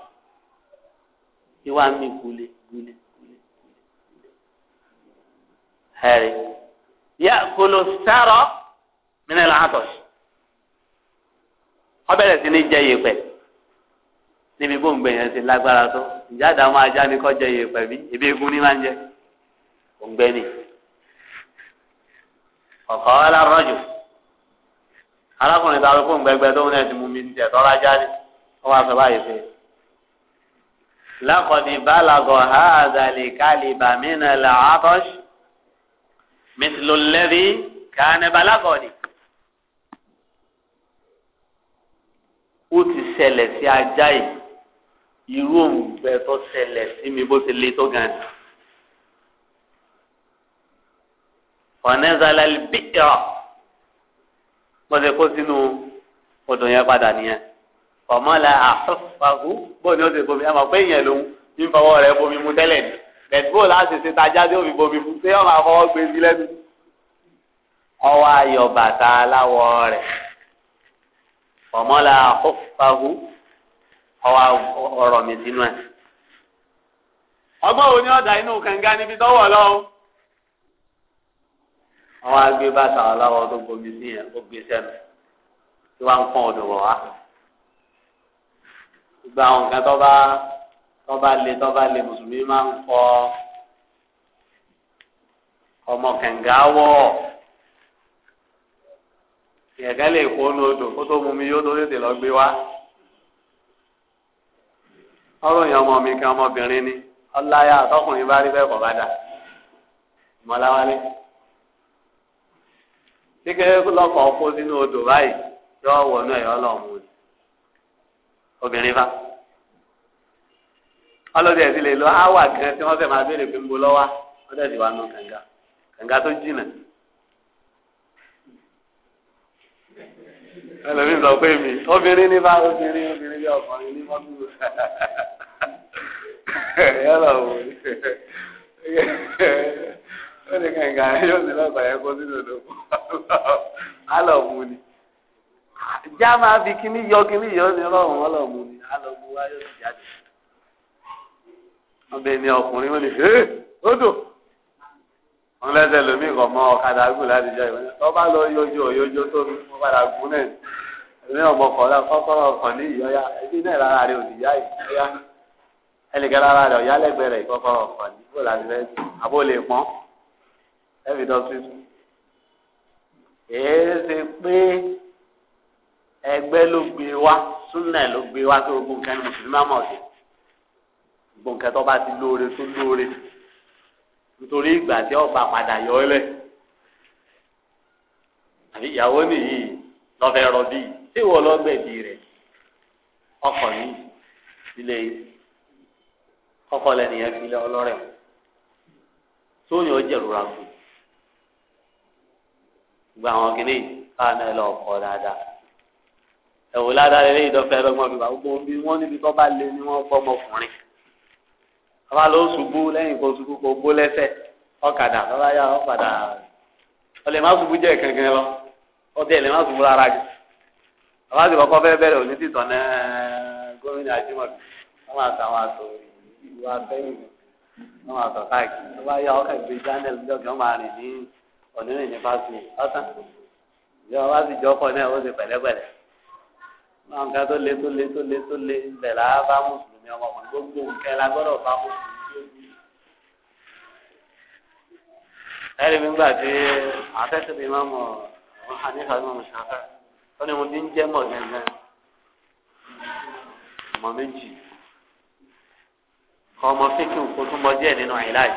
ìwà mi gúlé gúlé gúlé yà kolo sárọ̀ mìíràn láàbọ̀ yìí wọ́n bẹ̀rẹ̀ sí ní jẹ yèèpẹ̀ níbi bó ń gbẹ yẹn ti lágbára tó ìjáde àwọn ajá ni kò jẹ yèèpẹ̀ bí ebi egun ní máa ń jẹ òǹgbẹ ni ọ̀kọ́ alárọ́jù arákùnrin ta ló kó ńgbẹgbẹ tó ń ẹ̀sìn mú mi ní ẹ̀tọ́ rájá ni wọ́n wá sọ báyìí fẹ́ lakọdi balagọ ha azali kali bamina la atọsh mitilolẹbi kane ó ti ṣẹlẹ̀ sí ajá yìí irú òǹgbẹ tó ṣẹlẹ̀ sí mi bó ti le tó gan ni. fọ̀nẹ́sálà bíyà wọ́n ti kó sínú odò yẹn padà nìyẹn fọ̀mọ́lá àfọ̀fàgù bóun ni ó ti bomi àmọ́ pé ìyẹn lòun ní fọwọ́ rẹ̀ bomi mu tẹ́lẹ̀ ni bẹ̀tùbọ̀ láti ṣe tajà tí ó bomi mu pé ọmọ àfọwọ́ gbé sí lẹ́nu ọwọ́ ayọ̀ bàtà aláwọ̀ rẹ̀ ọmọlá ọfàhù ọwà ọ̀rọ̀ mi sínú ẹ. ọgbọ́n wo ni ọ̀dà inú kànga níbi tọ́wọ̀ lọ́wọ́. àwọn agbé bàtà aláwọ̀ tó gbomi sí yẹn ó gbé sẹ́nu tí wọ́n ń pọ́n odò wọ̀ wá. gbogbo àwọn nǹkan tó bá tó bá le mùsùlùmí máa ń kọ ọmọ kànga wọ̀ ọ́ ìyẹ̀kẹ́ lè kó nu odò kó tó mu mi yóò tó tètè lọ gbé wá. ọ̀rọ̀ yẹn ọmọ mi kan ọmọbìnrin ni ọláyà àtọkùnrin bá rí bẹ́ẹ̀ kọ́ bá dà mọ́láwálé. kékeré lọ́kọ̀ kó sínú odò báyìí yọ wọnú ẹ̀yọ́ lọ́mú obìnrin fa ọlọ́dẹ ẹ̀sìn lè lọ áwà kan tí wọ́n fẹ́ máa béèrè pé ń bo lọ́wọ́ ọdẹ ti wà nù kànga kànga tó jìnnà. ẹlòmíì sọ pé mi obìnrin ní bá obìnrin obìnrin bí ọkùnrin ní mọ́tò yálà wò ó ní kàǹkà yóò ní lọ́gbà yẹn kó sínú odò alọ̀ mu ni já máa fi kíní yọ kíní yọ ní ọlọ́run alọ̀ mu ni alọ̀ mu wáyé ó ti jáde ọbẹ̀ ni ọkùnrin ó ní ó dùn wọn lẹsẹ lomi kọ mọ ọ̀kadà gùn láti jẹ ìwé ọba lọ yọjọ yọjọ tó fi mọ padà gùn náà èmi ọmọ kọlá kọkọrọ ọkàn ní ìyọya ebi náà lára rẹ òdìyá ìyá ẹnìkan lára rẹ ọyálẹgbẹ rẹ kọkọrọ ọkàn ní bó láti rẹ àbó lè pọn ẹbí dọ sí sùn. èé ṣe pé ẹgbẹ́ ló gbé wá súnà ló gbé wá tó gbóǹkẹ́ ní mùsùlùmí àmọ̀ sí gbóǹkẹ́ tó bá ti lóore tó lóore nítorí ìgbà tí ọba padà yọ ọ lẹ àbí ìyàwó nìyí lọ́fẹ́ rọbí tí wọ́n lọ gbẹ̀bí rẹ̀ ọkọ̀ yìí ilé ọkọ̀ lẹ́nìyẹn fi lé ọlọ́rẹ̀ sóyún ọjẹ̀rúra fún gba àwọn kìnnì káàná ẹ lọ ọkọ̀ dáadáa ẹ̀wò ládàá lẹ́yìn ìdọ́fẹ́ ẹ̀rọ ọmọ bíbá gbogbo bí níbi tó bá lé ni wọ́n fọ́ bàbá ló ṣubú lẹ́yìn kó ṣubú kó gbó lẹ́sẹ̀ ọ̀kadà bàbá yà ọ̀kadà ọ̀lẹ̀ má ṣubú jẹ́ kankan lọ ọ̀dẹ̀ lè má ṣubú rárá jù bàbá sì kọ́kọ́ fẹ́ bẹ̀rẹ̀ òní tìtàn náà gómìnà àjùmọ̀bí wọ́n máa tàwọn àtò ìlú afẹ́yìn wọ́n máa tọ̀ káàkiri bàbá yà ọ̀kà ìgbé jánẹ́lì lọ́kì wọ́n máa rìn ní ọ̀nìrìn ní fásitì mùsùlùmí ọmọ mọ̀ gbogbo nǹkan la gbọ́dọ̀ bá mùsùlùmí ẹ̀rí mi gbà tí àtẹ́sí mi máa mọ̀ ọ̀hún hanifa ní ọ̀hún ṣàkà ó ní mo ti ń jẹ́ mọ̀ gẹ́gẹ́ mọ̀ méjì kọ́ ọmọ fíkì kó tún mọ díẹ̀ nínú àìláì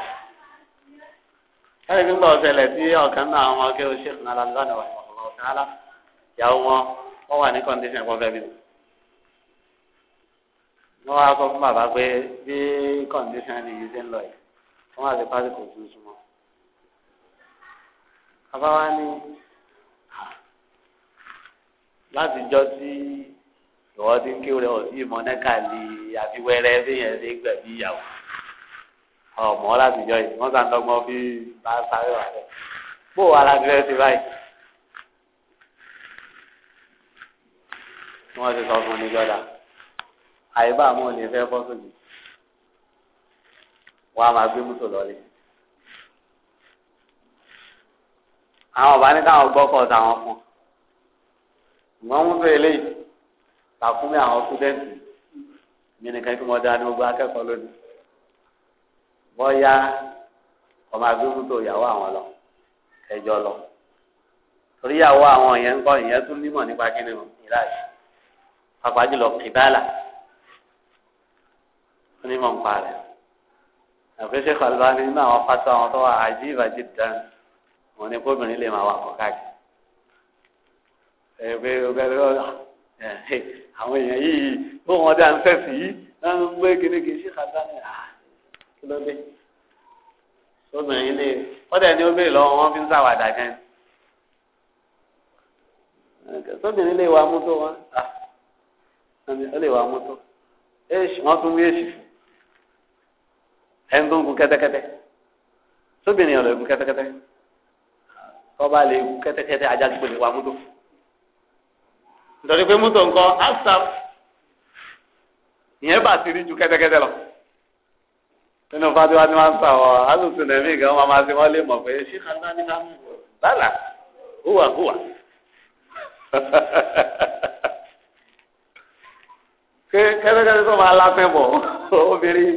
ẹ̀rí mi gbà ọ̀sẹ̀lẹ̀ tí ọ̀kan náà àwọn akẹ́wọ̀ ṣe fún alálùbánà wà ìyàwó wọn wọ́n wà ní kọ́ndíṣẹ̀ pọ́fẹ́ wọ́n wá sọ fún bàbá pé bí kọ́ndíṣán ni yìí ṣe ń lọ yìí wọ́n wá sí tuntun mọ́. bàbá wa ní látijọ́ tí ìwọ ti ń kéwòrẹ́ òsì ìmọ̀ nẹ́ka lè àfiwẹ́rẹ́ bíyẹn ṣe gbẹ̀bí ìyàwó ọmọ látijọ́ yìí wọ́n sàn dọ́gbọ́n fi bá sáré wà lẹ́ bó wà lábẹ́rẹ́ ti báyìí. wọ́n ti sọ fún un ní jọ́dá àyíbá àwọn ò ní fẹ́ bọ́ sójú wọn a máa gbé mọ́tò lọ́lé. àwọn ọba ní káwọn gbọ́kọ̀ táwọn fún ṣùgbọ́n wọ́n fẹ́ eléyìí takumi àwọn sùdẹ́ǹtì mi nìkan kí wọ́n dáa ní gbogbo akẹ́kọ̀ọ́ lónìí wọ́n yá ọmọ agbé mọ́tò ìyàwó àwọn lọ ẹjọ lọ torí ìyàwó àwọn yẹn ń kọ́ ìyẹn tún nímọ̀ nípa kíni ìlà yìí pàpà jùlọ kìtàlà onímọ̀ ń parẹ́ àfẹ́sẹ́ kọlbá ni nínú àwọn fásitì àwọn tó wà àjíìbà jìdá wọn ni kóbìnrin lè máa wà kọ káàkiri ẹgbẹ́ ọgbẹ́rẹ́ àwọn èèyàn yìí bó wọn dá ń fẹ́sì yìí wọn ń gbé kékeré sí kọlbá ni kí ló dé obìnrin lè wọ́n dẹ̀ ní obìnrin lọ́wọ́ wọn fi ń sàwádà gan sóbìnrin lè wa mọ́tò wọn ó lè wa mọ́tò wọ́n tún bí èsì fún ẹni tó ń gun kẹ́tẹ́kẹ́tẹ́ sóbìnrin ọ̀rọ̀ ẹ̀gún kẹ́tẹ́kẹ́tẹ́ kọ́ba lè gun kẹ́tẹ́kẹ́tẹ́ ajá ti gbèlè wa mọ́tò nítorí pé mọ́tò ńkọ́ asaf ìyẹn bá ti rí ju kẹ́tẹ́kẹ́tẹ́ lọ nínú fatiwa ni wọ́n ń sà wọ́n alùsùn ẹ̀mí gan wọn máa ti wọ́n lè mọ̀ pé ṣé kàńtà ní ká lálà hùwà hùwà kẹ́tẹ́kẹ́tẹ́ tó máa lásẹ̀ bọ̀ obìnrin.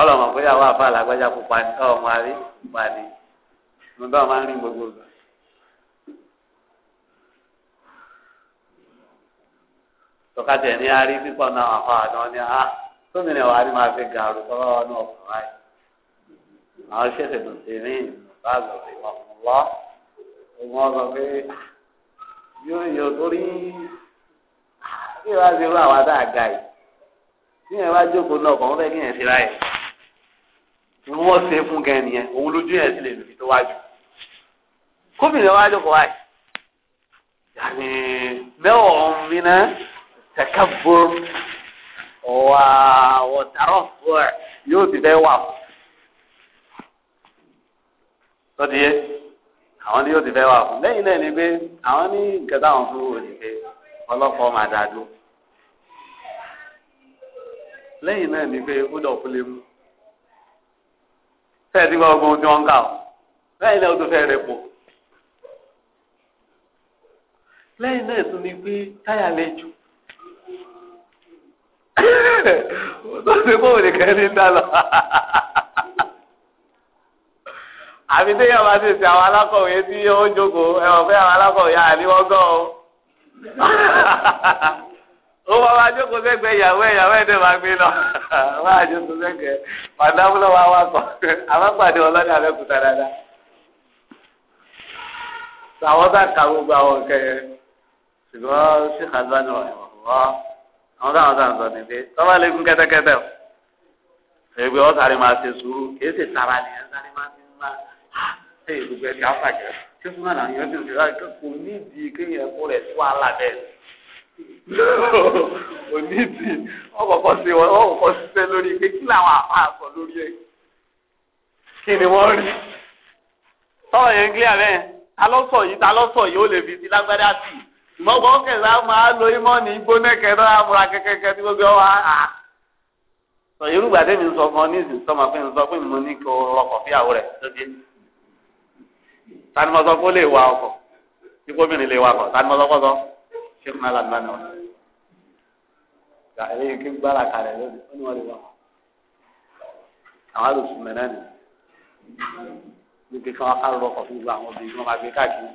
ọlọmọ bóyá wà fà lágbájá pupa ni ọmọ àrí pupa ni mo bá máa ń rìn gbogbo gbà. tọ́kátì ẹ̀ ní arí pípọ̀ náà àfa àná ni a tómìnà wà ní ah, máa fi gàrú tọ́lọ́ wọn náà fún wa yìí. àwọn ṣẹ̀ṣẹ̀ tó ti rìn bá lọ sí ọ̀fun lọ. wọ́n sọ pé yóò yọ torí bí wàá ti rú àwọn àdáàga yìí bí ẹ bá jókòó náà kàn ń fẹ́ kí ẹ ti ra ni wọ́n ṣe fún gan nìyẹn òun lójú yẹn sì lè lò fi tó wájú kóbìnrin wájú kọ wáyé yàní mẹ́wọ̀ ọ̀mìnà tẹ̀kẹ́bù wà wọ̀tàrọ̀ fúẹ̀ yóò ti fẹ́ wà fún lọ́dí yẹ àwọn ní yóò ti fẹ́ wà fún lẹ́yìn náà ni pé àwọn ní nǹkan táwọn fún wò pé ọlọ́pàá máa dáa lẹ́yìn náà ni pé ó dọ̀ fún fẹ́ẹ̀ tí gbogbo ohun tí wọ́n ń kà ọ́ lẹ́yìn náà ó tún fẹ́ẹ́ rẹ̀ pọ̀ lẹ́yìn náà tún ni pé táyà lè jù tó ṣe kó òní kẹ́ ní dá lọ àfi téèyàn bá ṣe àwọn alákọ̀wé tí ó jókòó ẹ̀wọ̀n pé àwọn alákọ̀wé àní wọ́n ó wá wá jókòó sẹ́gbẹ̀ẹ́ ìyàwó ìyàwó ẹ̀dẹ̀ máa gbé lọ wá jókòó sẹ́gbẹ̀ẹ́ pàdámúlò wá wá kọ àbápàdé ọlọ́dẹ abẹ́kúta dáadáa. sàwọn bá ka gbogbo àwọn nǹkan yẹn ṣùgbọ́n sí kàdúrà wà àwọn táwọn táwọn sọ níbi tọ́ba lè gún kẹ́tẹ́kẹ́tẹ́ o ẹgbẹ́ wọn sáré máa ṣe sùúrù kì í sì tara ni ẹ sáré máa ṣe máa ah, ṣe ìdúgbẹ́ ti àfàjẹ́ kí fún àlàyé ọdún ìṣẹ́lá kò nídìí kéèyàn kó rẹ̀ tó àlàbẹ̀ẹ́ onídìí wọ́n kọ́kọ́ ṣe wọ́n kọ́kọ́ ṣiṣẹ́ lórí pé kí làwọn àfa àsọ lórí ẹ̀ kí ni wọ́n rí sọ̀rọ̀ yẹn gílẹ̀ rẹ̀ ta ló sọ yìí ta ló sọ yìí ó lè fi ti lágbádá sí i gbọ́gbọ́n kẹsà máa lo imọ́ ní gbóná kẹrọ amúra kẹkẹkẹ tí gbogbo wa à sọ yorùbá tẹ́mi sọ fún ọ ní ìsìn sọmọ fún mi sọ fún mi mo ní kí o rọkọ̀ fíyàwó rẹ̀ lóde tanimọ́sọ́ kó lè wa ọkọ̀ tí gómìnà lè wa ọkọ̀ tanimọ́sọ́ kọ́ sọ ṣé kún alàgbà náà gba eléyìí kí gbára kalẹ̀ lónìí ó ní wọ́n lè wá àwọn alùpùpù mẹ́rẹ́ nì ní pé kí wọ́n á rọ ọkọ̀ fún gbogbo àwọn obìnrin tí wọ́n máa gbé káàkiri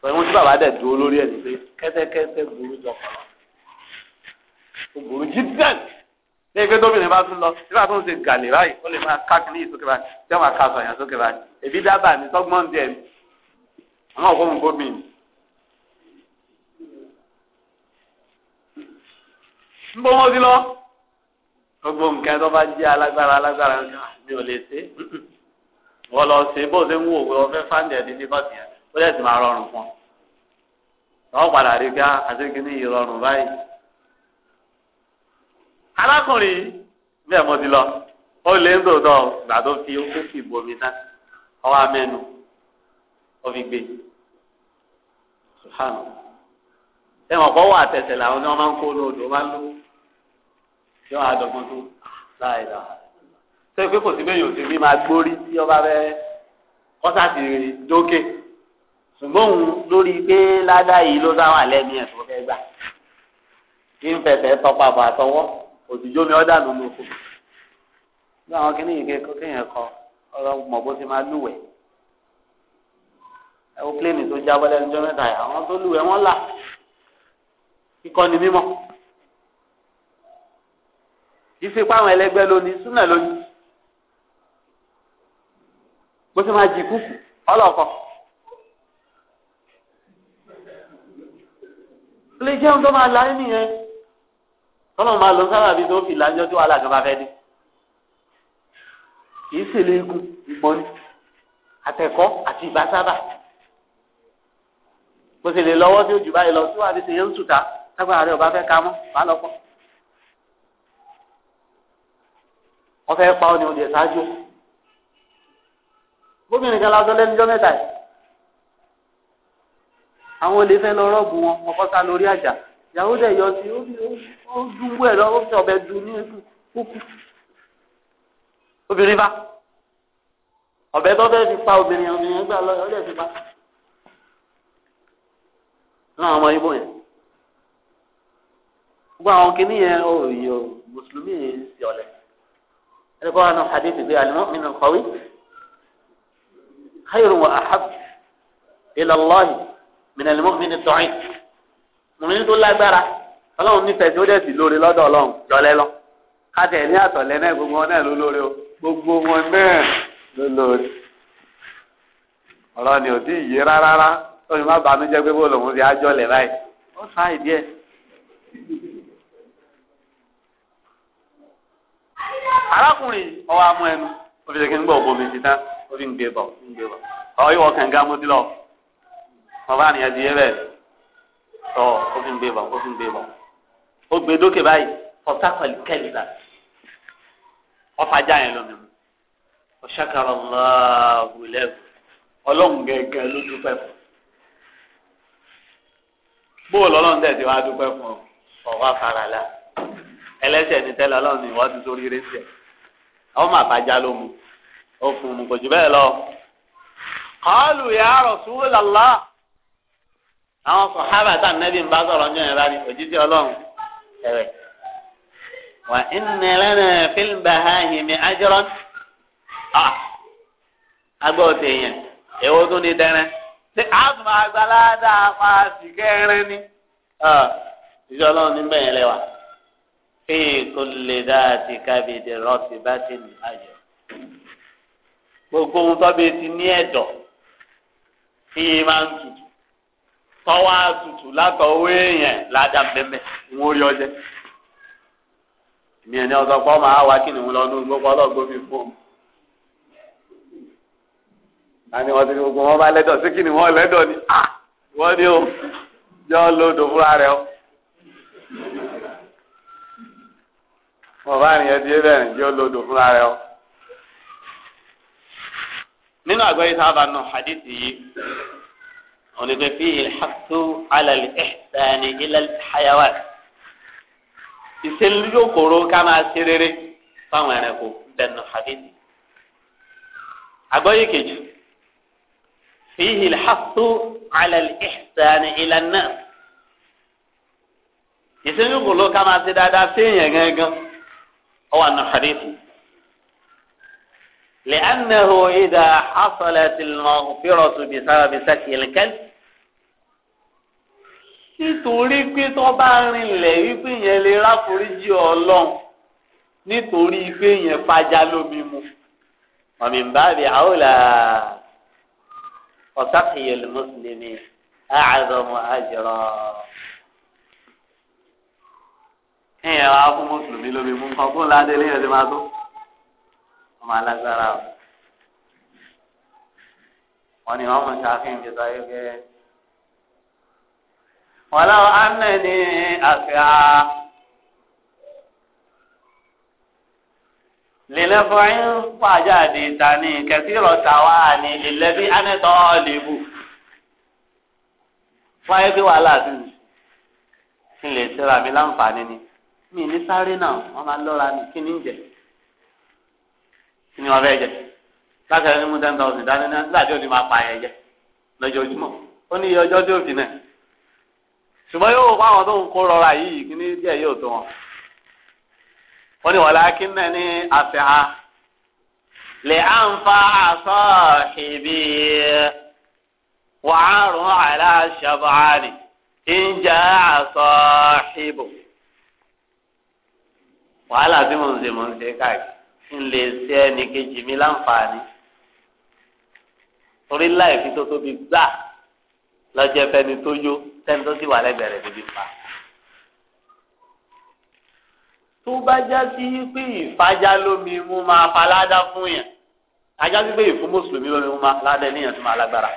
sọ wọn tí bàbá dẹ̀ dúró lórí ẹ̀ ní pé kẹ́tẹ́kẹ́tẹ́ burú jọkọ̀ lọ burú jíjẹ́ ní ìgbé gómìnà bá tún lọ nígbà tó ń ṣe gàlè báyìí ó lè máa ká kínní ìsókè báyìí jẹ́ máa ká sọ̀yàn sókè báyìí èbí dábàá ní tọ́gbọ́n díẹ̀ ni àwọn ọkọ wọn bóbi ni. ń bọ́ wọn sí lọ gbogbo nǹkan tó bá jẹ́ alágbára alágbára mi ò lè ṣe wọ́n lọ ṣe bó ṣe ń wò pé wọ́n fẹ́ fáńdì ẹ̀dín ní bọ́ọ̀sì yẹn ó dẹ̀ sì máa padà rí ká àṣekí ní ìrọ̀rùn báyìí. arákùnrin bẹ́ẹ̀ mo ti lọ ó lé ń tòótọ́ gbà tó fi ó fi bomi náà ọwọ́ amẹ́nu ó fi gbé subhanahu ẹwọn kọ wà tẹsẹ làwọn náà máa ń kó lóòdù máa ń lò yọ àdọgbọn tó láìla ṣé pé kò sí bẹ́ẹ̀ yóò ti rí máa gbórí tí ọba bẹ kọ́sà ti dókè ṣùgbọ́n òun lórí pé ládàá yìí ló dáhùn alẹ́ mi ẹ̀ tó fẹ́ gbà kí n fẹsẹ̀ tọpa bọ̀ àtọwọ́ òtijọ́ mi ọ̀dà ló mú kú. bí àwọn kìnnìún kékeré yẹn kọ ọlọ́mọ bó ti máa lúwẹ̀ẹ́ ẹwọ pílẹ̀nì tó jábọ́ lẹ́nu jọ mẹ́ta yìí àwọn tó lù ẹ́ wọ́n là kíkọ́ ni mímọ́ ìfi páwọn ẹlẹgbẹ́ lónìí súnà lónìí bó ti máa jì kúkú ọlọ́kọ̀ lè jẹun tó máa láyé nìyẹn tọ́lọ̀ máa lọ sábà bíi tó fi lájọ́ tí wàhálà kan bá fẹ́ dé kì í sì lè gun ìbọn atẹ̀kọ́ àti ìbásábà bó ṣe lè lọ́wọ́ tí ó jù báyìí lọ tí wàá fi ṣe yẹn ń sùta tágbára rẹ ọba fẹ́ ka mọ́ bá lọ pọ̀. wọ́n fẹ́ pa ọ́ ní oúnjẹ ṣáájú. gómìnà kan lásán lẹ́nu jọ́ mẹ́ta yìí. àwọn olè fẹ́ lọ rọ́ọ̀bù wọn wọ́n kọ́ sá lórí àjà. ìyàwó dẹ̀ yọ sí ó dúró ẹ̀ lọ́wọ́ tí ọbẹ̀ dùn ní kúkú. obìnrin bá ọbẹ̀ tó fẹ́ fi pa obìnrin obìnrin gbà lọ ọdẹ náà ọmọ ibo yẹn gbogbo àwọn kìíní yẹn ó yọ mùsùlùmí yìí sí ọ̀lẹ ẹni kọ́ àná hadith gbé àlùmọ́ mi nà kọ́wé khayru wa ahab ila Allah min al-mu'min ad-da'if mùmíní tó lágbára ọlọ́run nífẹ̀ẹ́ tí ó dẹ̀ sì lóore lọ́dọ̀ ọlọ́run jọlẹ́ lọ káàtẹ̀ ní àtọ̀lẹ́ náà gbogbo náà ló lóore o gbogbo wọn náà ló lóore ọ̀rọ̀ ò tí ì yé rárá rárá tóbi má bàánú jẹ́ pé bóòlù òun ti ájọ́ lẹ̀ báyìí ó sá ìdí ẹ̀. arákùnrin ọwọ́ amú ẹnu ó fi ṣe kí n gbọ́ òbò mi ti tán ó fi ń gbé bọ̀ ń gbé bọ̀ ọ̀ yíwọ kànga mo ti lọ bàbá àníyàn ti yé bẹ́ẹ̀ tọ́ ó fi ń gbé bọ̀ ó fi ń gbé bọ̀ ó gbé dókè báyìí ọ̀tá pẹ̀lú kẹ́lí là ọ̀fàjà yẹn lómi mu ọ̀ṣàkàrọ̀ ńlá ọ̀hùn lẹ́wọ̀ ọlọ́run gẹ́gẹ́ ló bóòlù ọlọ́run tẹ̀ tí wá dúpẹ́ fún ọ ọ̀wá farala ẹlẹ́sẹ̀ ní tẹ́lẹ̀ ọlọ́run ni wọ́n ti sórí eré tiẹ̀ ọmọ àbájá ló mu ó fún un kò jù bẹ́ẹ̀ lọ. kọ́ọ̀lù ya Rasulullah àwọn sọ̀hábà tá nẹ́bí ń bá sọ̀rọ̀ ọjọ́ yẹn bá ní ọlọ́run ẹ̀rẹ̀. wà ah! tèèyàn èwo tún ṣé àtún máa gba ládàá máa sì kẹrin ni. ìjọ ọlọ́run ní bẹ́ẹ̀ lẹ́wà fi kò lè dá àti kábíyèdè rọ́ọ̀tì bá ti ní ayọ̀. gbogbo ohun tó bẹ ti ní ẹ̀dọ̀ tí máa ń tutù tọ́wọ́ àtutù látọ̀wé yẹn ládàá bẹ́ẹ̀ ń wórí ọjẹ́. ìmìíràn ni ọ̀sán pọ́ máa wá kí ni òun lọ ní gbogbo ọlọ́gbọ́n mi fún un àní wọ́n ti ní gbogbo wọn bá lẹ́dọ̀ sí kí ni wọ́n lẹ́dọ̀ ni ah! wọ́n ní o yọ lódò fúnra rẹ o. wọ́n bá rìn ẹdí ẹbẹ̀ rìn yọ lódò fúnra rẹ o. nínú àgbáyé sábà nù hadithi yìí onígbẹ́ fi ìlhàtú alàlì ẹ̀sán ilẹ̀ hayawa ìṣèlúdókòrò ká máa ṣe rere fáwọn ẹranko bẹ́ẹ̀ nù hadithi. àgbáyé kejì. فيه الحث على الإحسان إلى الناس ìsinmi kò ló ká máa ṣe dáadáa séèyàn gángan ó wà nù xarifu لأنه إذا حصلت المغفرة بسبب سكي الكلب nítorí pé tó bá rinlẹ̀ wípé yẹn lè ráforíjì ọlọ́run nítorí pé yẹn pàjá lómi mu ọ̀mìnbáàbí àwòlà. وسقي المسلم أعظم أجرا ẹyẹ wa fún mùsùlùmí lómi mú nǹkan fún ládé léyìn ọdún máa tó ọmọ alágbára o wọn ni wọn mú sàfihàn ìjọba yìí wọn láwọn á nà ní àfihàn. lilẹfọyin fàjáde tani kẹsìrọ tàwa ni lilẹbi anẹtọ lẹbu wáyé pé wàhálà sí mi kí n lè ṣẹlẹ̀ àmì láǹfààní ni mi ní sáré náà wọn máa lọ́ra ní kí ni ń jẹ kí ni wọn fẹ́ jẹ lákàtà ní mú ten thousand dání náà nígbà tí òní máa pa ẹ̀ jẹ lójoojúmọ́ ó ní iye ọjọ́ tí ó fi náà ṣùgbọ́n yóò wá àwọn tó ń kó rọra yìí kí ni díẹ̀ yóò tó wọn wọ́n ní wàlákin náà ní àfihàn lè ànfà àṣọ ìbí wàárùn aláṣàbáàlì ìjà àṣọ ìbò wàhálà tí mò ń ṣe mò ń ṣe káàkiri ń lè ṣe ẹnì kejì mi láǹfààní orí láìfi tó tóbi gbà lọ́jọ́ fẹ́ni tó yó sẹ́ni tó sì wà lẹ́gbẹ̀rẹ̀ níbi pa. tó bá já sí pé ìfajá lómi mú máa faládá fún yẹn ajá sí pé ìfún mùsùlùmí lómi mú máa faládá níyẹn tó máa lágbára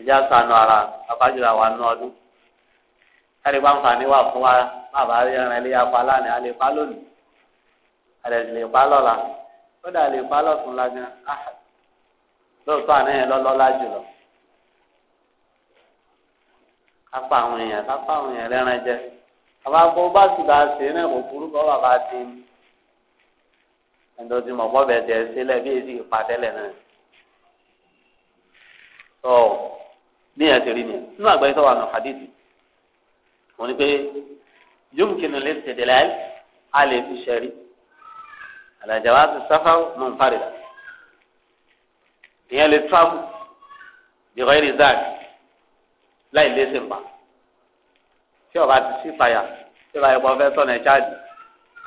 ìjà sànù ara àfájúra wà nù ọdún kárí bá ń fà ní wà fún wa má bàa rí ẹran ilé apá lánàá a lè pa lónìí a lè lè pa lọ́la kódà lè pa lọ́sùn lágbára ah, lóòótọ́ àná yẹn lọ́lọ́lá jùlọ kápá àwọn èèyàn kápá àwọn èèyàn rẹ́ran jẹ àwọn akọ bá sì bá ṣe náà kò burú kọ́ bàbá dé ní ẹ̀ńdọ́tí mọ̀ bọ́bẹ̀ tẹ̀ sílẹ̀ bí èsì ìpàtẹ́lẹ̀ náà tọ́ níyàn ti rí ni nínú àgbáyé sọ̀rọ̀ àná hadithi wọ́n ní pé yumkinu lè tẹ̀lé láì a lè fi ṣẹ̀rí àlàjáwá ti sáfà mọ̀ ń fàrìlà ìyẹn lè tíráfù bí wọ́n rí zaak láì lé sí tí ọba ti sí fàyà tí ọba ẹ̀kọ́ fẹ́ sọ̀nà ẹ̀ṣáàdì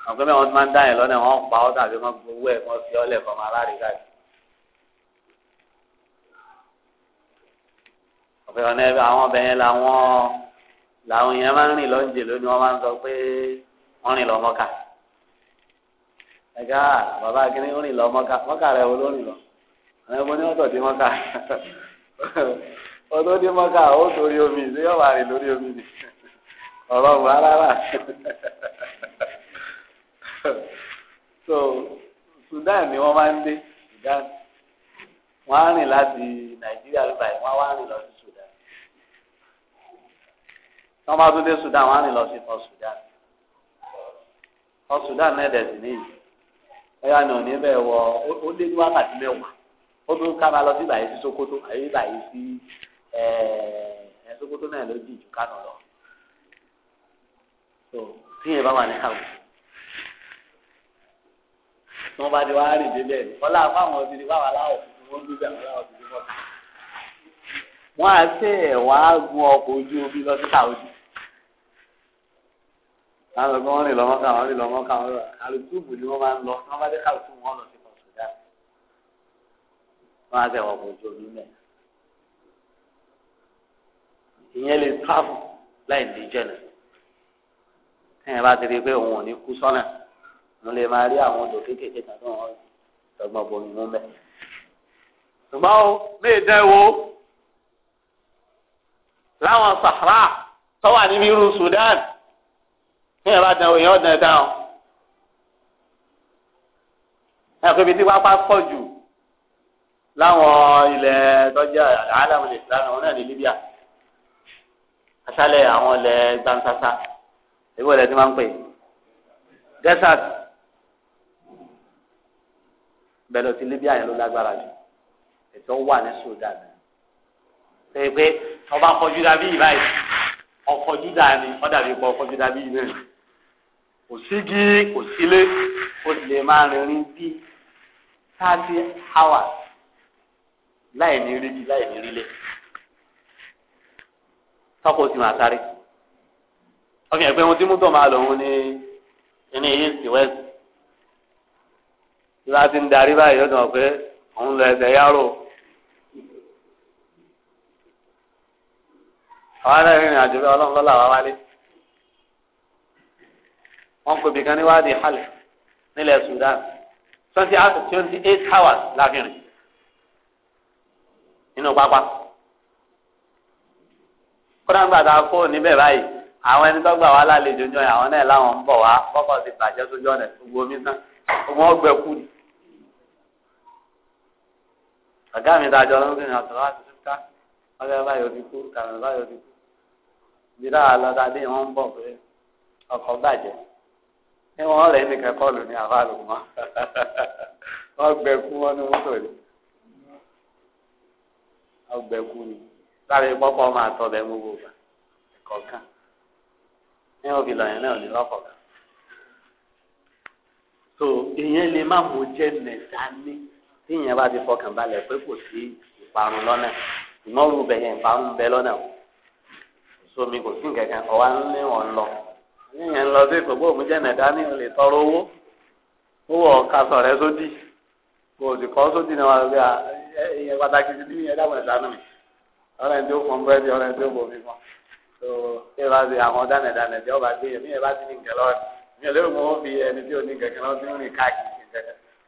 àwọn pẹ́ẹ́mẹ́ wọn máa ń dá yẹn wọn pa ọ́ tàbí wọn gbowó ẹ̀ wọn fi ọ́lẹ̀ fọmọ aláríga jù. ọ̀pẹ ọ̀nà ẹ̀bẹ̀ àwọn ọbẹ̀ yẹn làwọn làwọn yẹn máa ń rìn lọ́njẹ lónìí wọ́n máa ń sọ pé wọ́n rìn lọ mọ́kà. ẹ̀ka bàbá akínní ń rìn lọ mọ́kà mọ́kà rẹ̀ wo ló rìn lọ? àwọn ẹ̀bùn ní ọ̀tọ̀ mọ́kà ọ̀tọ̀ dé mọ́kà ó torí omi ìdíyọ̀wà rìn lórí omi nìyẹn ọ̀rọ̀ wà rárá so Sudan ni wọ́n máa ń dé Sudan wọ́n á rìn láti Nàìjíríà ló báyìí wọ́n á wá rìn lọ sí Sudan wọ́n bá tún dé Sudan wọ́n á rìn lọ sí ọ Sudan ọ Sudan náà dẹ̀ sí níyì ẹ̀yà ni òní bẹ́ẹ̀ wọ ó lé ní wákàtí mẹ́wàá ó tún ká máa lọ sí ìbàyè sí Sokoto àyè ìbàyè sí ẹ̀ẹ́ náà ló jì jù Kánò lọ tó tíyẹn bá wà ní àwọn tí wọn bá ti wá rìn délẹ̀ ọlá fáwọn ọtí ni báwa láwọ wọn gbé bẹ́ẹ̀ láwọ ti bọ wọn á tẹ ẹwà gun ọkọ̀ ojú omi lọ sí Saudi àwọn ọgbọ́n wọn rìn lọ́mọ́ ká wọn rìn lọ́mọ́ ká wọn rọ alùpùpù ni wọ́n máa ń lọ wọn bá dé kálùpùpù wọn lọ sí kọ̀sùdá wọn á tẹ ẹwà ojú omi mẹ́ẹ̀ ìyẹn lè tábù láì ní jẹ́nà ẹ̀yìn bá ti rí i pé òun ò ní kú sọ́nà mo lè máa rí àwọn odò kéékèèké kan tó wọn tọgbọ́n bomi mú bẹ́ẹ̀. ṣùgbọ́n o méè dẹ́ wo láwọn sahara tó wà níbi irú Sudan ẹ̀yìn bá dán o èèyàn dán dán o. ẹ̀yìn pé ibi tí wọ́n á pọ̀ jù láwọn ilẹ̀ tọ́jà alámùlẹ̀ ìsìlámù náà ní Libya aṣálẹ̀ àwọn ilẹ̀ gbansasa ìwé rẹ̀ ti máa ń pè desert bẹ̀rẹ̀ ti Libya yẹn ló lágbára jù ètò wà ní Sudan ṣe pé ọba kọjú dàbí ìbáyìí ọkọjú dàní ọdàbí pọ̀ ọkọjú dàbí ìbáyìí kò sígi kò sílé ó sì lè máa rìnrìn bí thirty hours láì ní rí bí láì ní rí lé tọ́kọ̀ ó máa sáré ọkàn ẹgbẹ́ wọn tí mú tọ̀ máa lọ òun ní ní east west tí wọ́n ti ń darí báyìí yóò dàn pé òun lọ ẹsẹ̀ yárò. àwọn arìnrìn àjò bẹ́ẹ̀ ọlọ́run lọ́la wá wálé wọ́n kò bìkan níwádìí halẹ̀ nílẹ̀ Sudan twenty hours twenty eight hours láfihàn nínú pápá kódà ń gbàdá fóònù níbẹ̀ báyìí àwọn ẹni tó gbà wá lálejò jọ yẹn àwọn náà láwọn ń bọ̀ wá kọ́kọ́ ti bàjẹ́ sójú ọ̀nà gbogbo omi tán wọ́n gbẹ kú ni. ọ̀gá mi dájọ́ lọ́dún ní ọ̀tọ̀ láti tún ká ọ̀gá báyọ̀ ti kú kàmí báyọ̀ ti kú bí dáa dé wọ́n ń bọ̀ pé ọkọ̀ bàjẹ́ ní wọ́n rẹ̀ nìkan kọ́ọ̀lù ní àbálù mọ́ wọ́n gbẹ kú wọn ní mọ́tò ni wọ́n gbẹ kú ni láti pọ́pọ́ máa tọ́ bẹ́ẹ̀ gbogbo ẹ̀kọ́ kan ní òbí lọ́yìn náà ní lọ́kọ̀ kan. so ìyẹn lè má mú jẹ́ mẹ́ta ní tí ìyẹn bá ti fọkàn balẹ̀ pé kò sí ìparun lọ́nà ìmọ̀rù bẹ̀ yẹn ìparun bẹ lọ́nà o sómi kò sí nǹkan kan ọ̀wá ń lé wọn lọ ìyẹn ń lọ sí ìpè bóòmù jẹ́ mẹ́ta ní olè tọrọ owó owó ọ̀ka sọ̀rẹ́ sódì kò sì kọ́ sódì náà wà lóbi ìyẹn pàtàkì ti ní ìyẹn dàgbọ̀n tó ṣé bá ṣe àwọn dánẹ̀dánẹ̀ tí ọba gbé yẹn bí yẹn bá ti ní nǹkan lọ́wọ́ mi ò lérò wọn fi ẹni tí ò ní nǹkan kan lọ́wọ́ tí ń rìn káàkiri nǹkan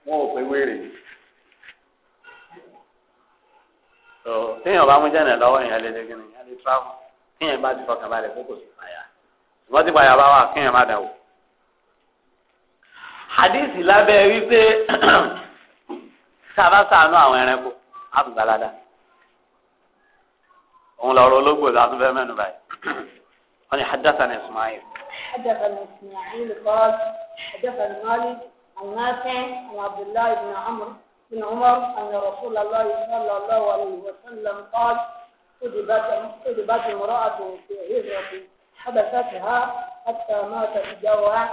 wọn ò pé wéèrè tó téèyàn bá mú jẹ́nẹ̀ lọ́wọ́ yẹn lé lẹ́gìn yẹn lè tíráfù kéèyàn bá ti fọkàn balẹ̀ kókò sí fàyà ṣùgbọ́n tí fàyà bá wà kéèyàn má dàwó. hadisi lábẹ́ wípé sábà sànú àwọn ẹranko àtùgbàládà òun lọ́rọ̀ ológbò látúfẹ́ mẹ́nu báyìí. قال حدثنا إسماعيل حدثنا إسماعيل قال حدثنا مالك عن نافع عن عبد الله بن عمرو بن عمر أن رسول الله صلى الله عليه وسلم قال كذبت امرأة في هجرة حبستها حتى ماتت جوع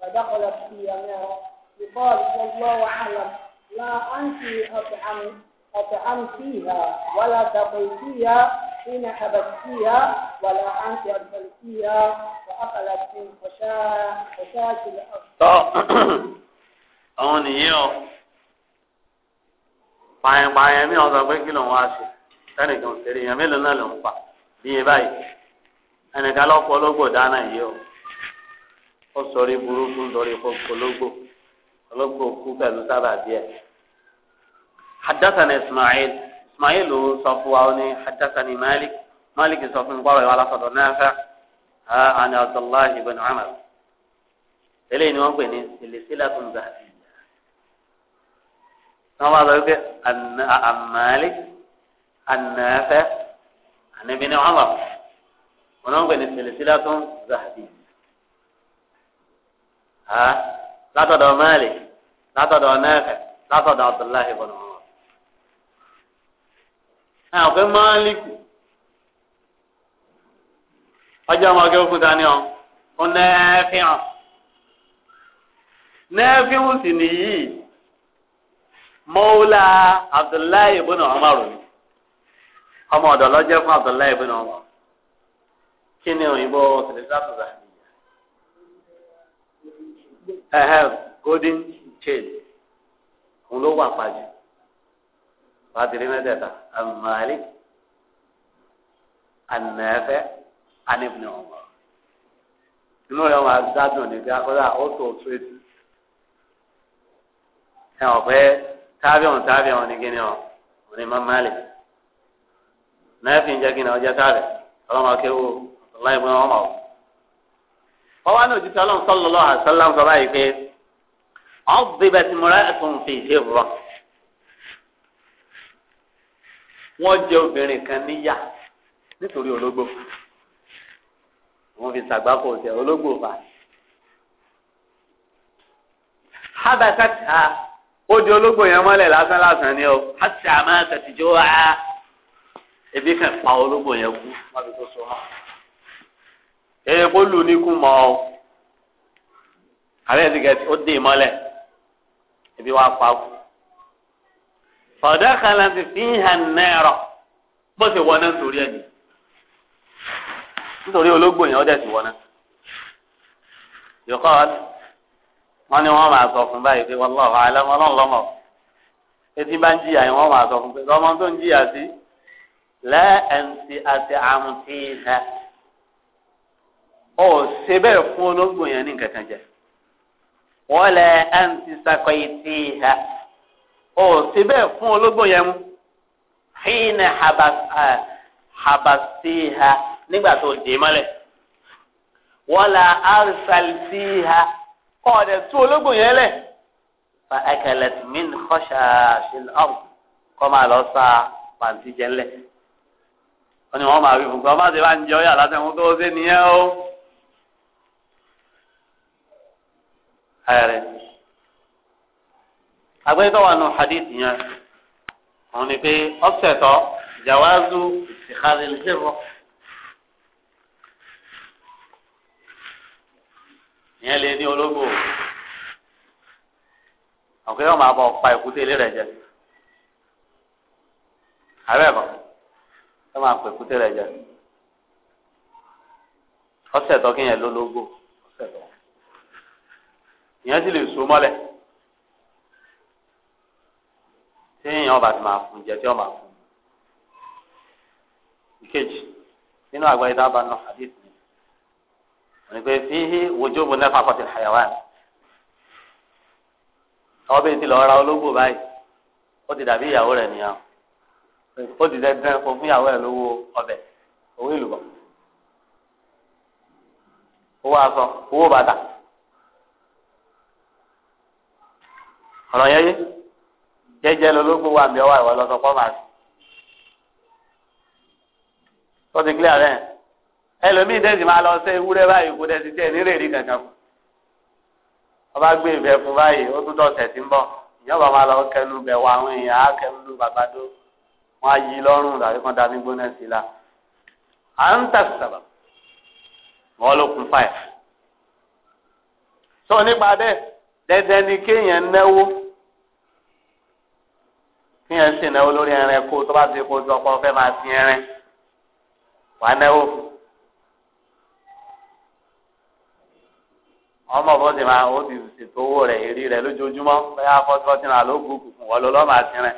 فدخلت في يمها يقال والله أعلم لا أنت أطعم أطعمتيها ولا تقيتيها حين حبستيها ولا أنت أدخلتيها وأقلت من خشاة خشاة الأرض àwọn nìyí ọ pààyàn-pààyàn mi ọ̀sán pé kí ló ń wá ṣe ẹnìkan ṣeré èèyàn mélòó náà ló ń pa bíyẹn báyìí ẹnìkan lọ́pọ̀ ológbò dáná yìí ọ ó sọrí burúkú nítorí pọ̀pọ̀ ológbò ológbò kú pẹ̀lú sábà díẹ̀. حدثنا إسماعيل اسماعيل صفوان حدثني مالك مالك صفوان قال على صدر نافع عن عبد الله بن عمر eléyìí ni wọn pè ní silisila tó ń gbà bí wọn bá lọ wípé amali anaafẹ anabini ọmọ wọn náà ń pè ní silisila tó ń gbà bí ha látọ̀dọ̀ mali látọ̀dọ̀ nafẹ látọ̀dọ̀ abdullahi bọ̀nà. àwọn pé máàlìkù ọjọ́ ọmọ ọgẹ́ ọ ó nẹ́ẹ̀fíàn nẹ́ẹ̀fíàn sì nìyí mọ́wúlá abdullahi ibùnà ni ọmọ ọ̀dọ̀ lọ́jọ́ fún abdullahi ibùnà ọmọ kí ni òyìnbó sèlésàtò rà ẹ̀hẹ́ golden chain òun ló wà A مالك عن نافع عن ابن عمر inú rẹ̀ wọ́n agbádùn nígbà kọ́lá ó tó tírètì ẹ̀ ọ̀pẹ́ tábíọ̀n tábíọ̀n ní kíni ọ̀ òní máa máa lè náàfin jẹ́ kíni ọjọ́ tábẹ̀ ọlọ́mọ akéwò ọ̀la ìbọn ọmọ ọ̀. wọ́n wá ní òjijì ọlọ́run sọ́lọ́lọ́ àṣálàm sọ báyìí wọ́n jẹ obìnrin kan níyà nítorí ológbò wọ́n fi sàgbákò tẹ ológbò bá habasata ó di ológbò yẹn mọ́lẹ̀ lásán lásán ni o hasa máa tẹ̀síjọ́ á ebi kan pa ológbò yẹn kú wọ́n fi tó so hàn ee kó lù ní kú mọ́ ọ àbẹ́ẹ̀sì kẹ́sì ó dì í ebi wá pa kú fọdàkàlà ti fi hàn náírà bó ṣe wọná nítorí ẹ ní nítorí ológbò yẹn ó dẹ̀ ti wọná yòókọ́ wọn ni wọn máa sọ fún báyìí pé wọn lọ́wọ́ àlẹ́mọ́ náà lọ́mọ́ etí bá ń jìyà yẹn wọn máa sọ fún pé ọmọ tó ń jìyà sí lẹ́ àti àmùtí hàn ó ṣe bẹ́ẹ̀ fún ológbò yẹn ní nǹkan jẹ wọ́n lẹ́ ẹ̀ǹtì ìtì hàn ò sí bẹ́ẹ̀ fún ológbò yẹn mu hìnà habasiha nígbà tó dé mọ́lẹ̀ wọ́lá arsalsiha kọ́ ọ̀dẹ̀ tú ológbò yẹn lẹ̀ fa akalat min khashashil ard kọ́ máa lọ sa pàǹtí jẹ́ ńlẹ̀ wọ́n ní wọ́n máa wí fún kọ́ máa ṣe bá ń jẹ́ ọ́ yà látẹ̀wọ́n tó ṣe agbẹ́tọ̀ wà nù hadith yẹn wọn ni pé ọ̀sẹ̀tọ̀ jawazu ìsìkárì lẹ́rọ. ìyẹn lè ní ológbò ọ̀kẹ́ yóò máa bọ̀ pa èkúté ilé rẹ̀ jẹ àbẹ́ bọ̀ ẹ máa pa èkúté rẹ̀ jẹ ọ̀sẹ̀tọ̀ kí yẹn lólógbò ọ̀sẹ̀tọ̀ ìyẹn sì lè so mọ́lẹ̀. téèyàn ọba ti máa fún jẹ tí ọba fún ìkejì nínú àgbáyé dábàá náà hadith ni wọn pe fihi wujubu nafaqati al-hayawan àwọn bẹ́ẹ̀ ti lọ ra ológbò báyìí ó ti dàbí ìyàwó rẹ̀ nìyàn ó ti dẹ́gbẹ́ fún ìyàwó rẹ̀ lówó ọbẹ̀ owó ìlú bọ̀ owó aṣọ owó bàtà ọ̀rọ̀ yẹn yé jẹjẹ lọlọgbọ wa mi ọwọ ìwọ lọsọ fọmà sí tọ́tí kílíà rẹ̀ ẹlòmíì dẹ́sì máa lọ sí ewúrẹ́ báyìí kó dẹ́sì tẹ̀ ní rèérí kankan fún ọba gbé ìfẹ́ fún báyìí ó tún dọ̀sẹ̀ tí ń bọ̀ ìjọba máa lọ kẹnu bẹ̀ wọ àwọn èèyàn á kẹnu lu bàbádo wọn á yí lọ́rùn làbí kan dání gbóná sí la à ń tàṣàbà wọn ló kún fáìf sọ nípa bẹ́ẹ̀ dẹ́dẹ́ ni kéèyàn náwó yẹn sì náwó lórí ẹrẹ kó tó bá ti kó tó ọkọ fẹ́ máa sin ẹrẹ wàá náwó ọmọ bó ti máa ó ti ṣètò owó rẹ̀ èrí rẹ̀ lójoojúmọ́ bẹ́ẹ̀ afọ́tífọ́tì náà ló gbó kùkùn wọ́n ló lọ́ọ́ máa sin rẹ̀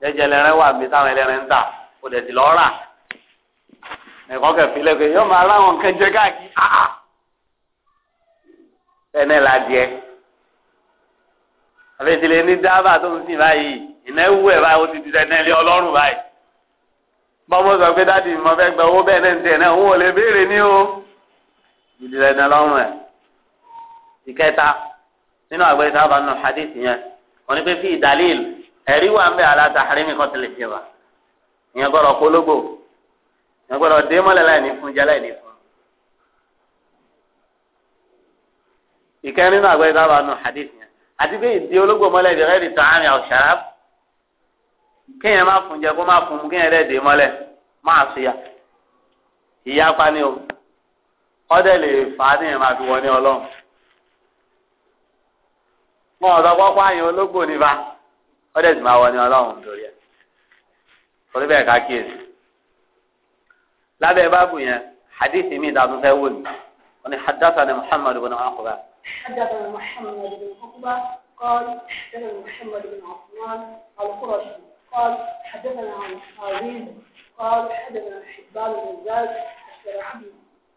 jẹjẹ lẹ́rẹ́ wà bí táwọn ẹlẹ́rẹ́ ń tà kò dẹ̀ sí lọ́ọ́ rà nìkan kẹfì lẹ́gbẹ̀ẹ́ yóò máa ráwọn nǹkan jẹ káàkiri áá ẹnẹ́ la jẹ ní dábàá tó ń sìn báyìí ìnáwó ẹ̀ báyìí ó ti di dandan lé ọlọ́run báyìí bọ́bọ́ sọ pé dáàdi mo fẹ́ gba owó bẹ́ẹ̀ náà tiẹ̀ náà òun ò lè béèrè ní o ìdí dandan lọ́rùn ẹ̀ ìkẹta nínú àgbẹ̀ sábà nù hadith yẹn wọn ni pé fi ìdálíl ẹ̀rí wà ń bẹ aláta harimí kan ti lè ṣe wa ìyẹn gbọ́dọ̀ pológbò ìyẹn gbọ́dọ̀ dé mọ́lẹ̀ láìní fún jẹ́ láìní fún. ìkẹrin kéèyàn má fún jẹ kó má fún mu kéèyàn rẹ̀ mọ́lẹ̀ máa ṣe ya ìyapa ni o ọdẹ lè fà á máa fi wọ ní ọlọ́run àyàn ológbò ọdẹ sì máa wọ ní ọlọ́run lórí torí ká kíyèsí báàbù mi wò ni hadassah ni muhammadu bin akuba. hadassah ni muhammadu bin akuba kọ́ ọ́ ṣẹlẹ̀ muhammadu قال حدثنا عن حبيب قال حدثنا حبان بن زاد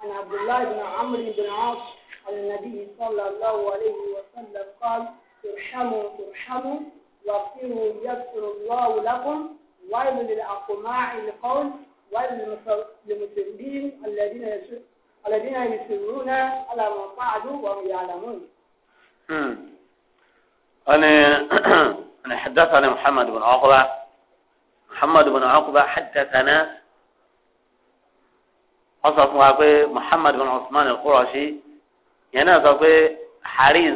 عن عبد الله بن عمرو بن عاص عن النبي صلى الله عليه وسلم قال ترحموا ترحموا وقيموا يذكر الله لكم ويل للأقماع القول ويل للمسلمين الذين الذين يسرون على ما فعلوا وهم يعلمون. أمم. أنا أنا حدثني محمد بن عقبة محمد بن عقبة حدثنا أصف وعقبة محمد بن عثمان القرشي ينازق يعني حريز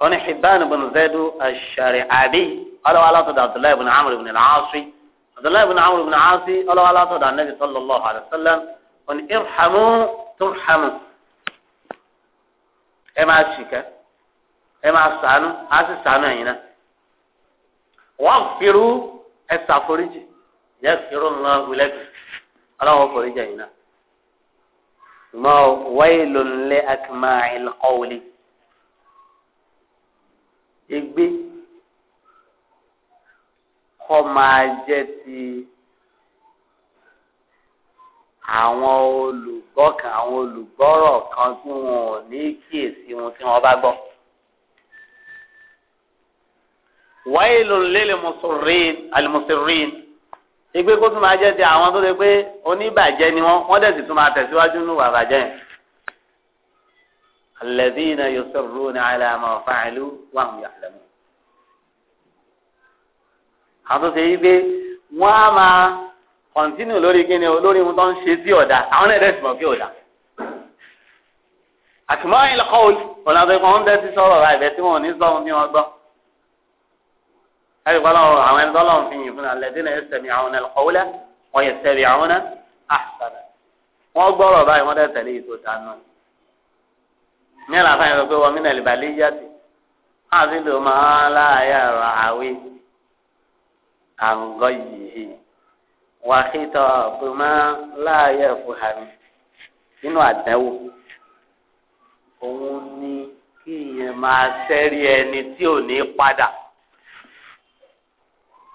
وني حبان بن زيد الشرعبي قالوا على طد عبد الله بن عمرو بن العاصي عبد الله بن عمرو بن العاصي قالوا على طد النبي صلى الله عليه وسلم وني ارحموا ترحموا ẹ máa ṣìkẹ́ ẹ máa ṣàánú هنا واغفروا ẹ ṣàforíjì yẹ fìrò ńlá wílẹ́bì ọlọ́wọ́ foríjì yìí náà. mọ wáyìlò ńlẹ́ akímáyìn kọ́wọ́lé ègbé kọ́ máa jẹ́ ti àwọn olùgbọ́ kan àwọn olùgbọ́rọ̀ kan tí wọn ò ní kíyèsí wọn tí wọ́n bá gbọ́. wailul lil musirin alimusirin ìgbé kó tún máa jẹ́ ti àwọn tó ṣe pé oníbàjẹ́ ni wọ́n wọ́n dẹ̀ sì tún máa tẹ̀síwájú nínú àbàjẹ́ yẹn. alladhina yusirruna ala ma fa'alu wa hum ya'lamun. àwọn tó ṣe yí pé wọ́n á máa kọ̀ntínú lórí kíni olórí wọn tó ń ṣe sí ọ̀dà àwọn náà dẹ̀ mọ̀ pé ọ̀dà. àtùmọ̀ ìlọ́kọ̀ọ́lù ọ̀nà ẹ̀rí kọ́ lọ́wọ́ àwọn ẹni tọ́lọ́wọ́ fi yìn fún wa alladhina yastami'una al-qawla wa yattabi'una ahsana wọ́n gbọ́rọ̀ báyìí wọ́n dẹ̀ tẹ̀lé ètò ìdáná ní àlàáfíà yẹn sọ pé wọ́n mínà ìbàlẹ̀ yíyàtì àti ló máa láàyè ọ̀rọ̀ àwé àǹgọ́ yìí wàhítọ̀ pé máa láàyè fúhàmì nínú àdánwò òun ni kí ìyẹn máa sẹ́rí ẹni tí ò ní padà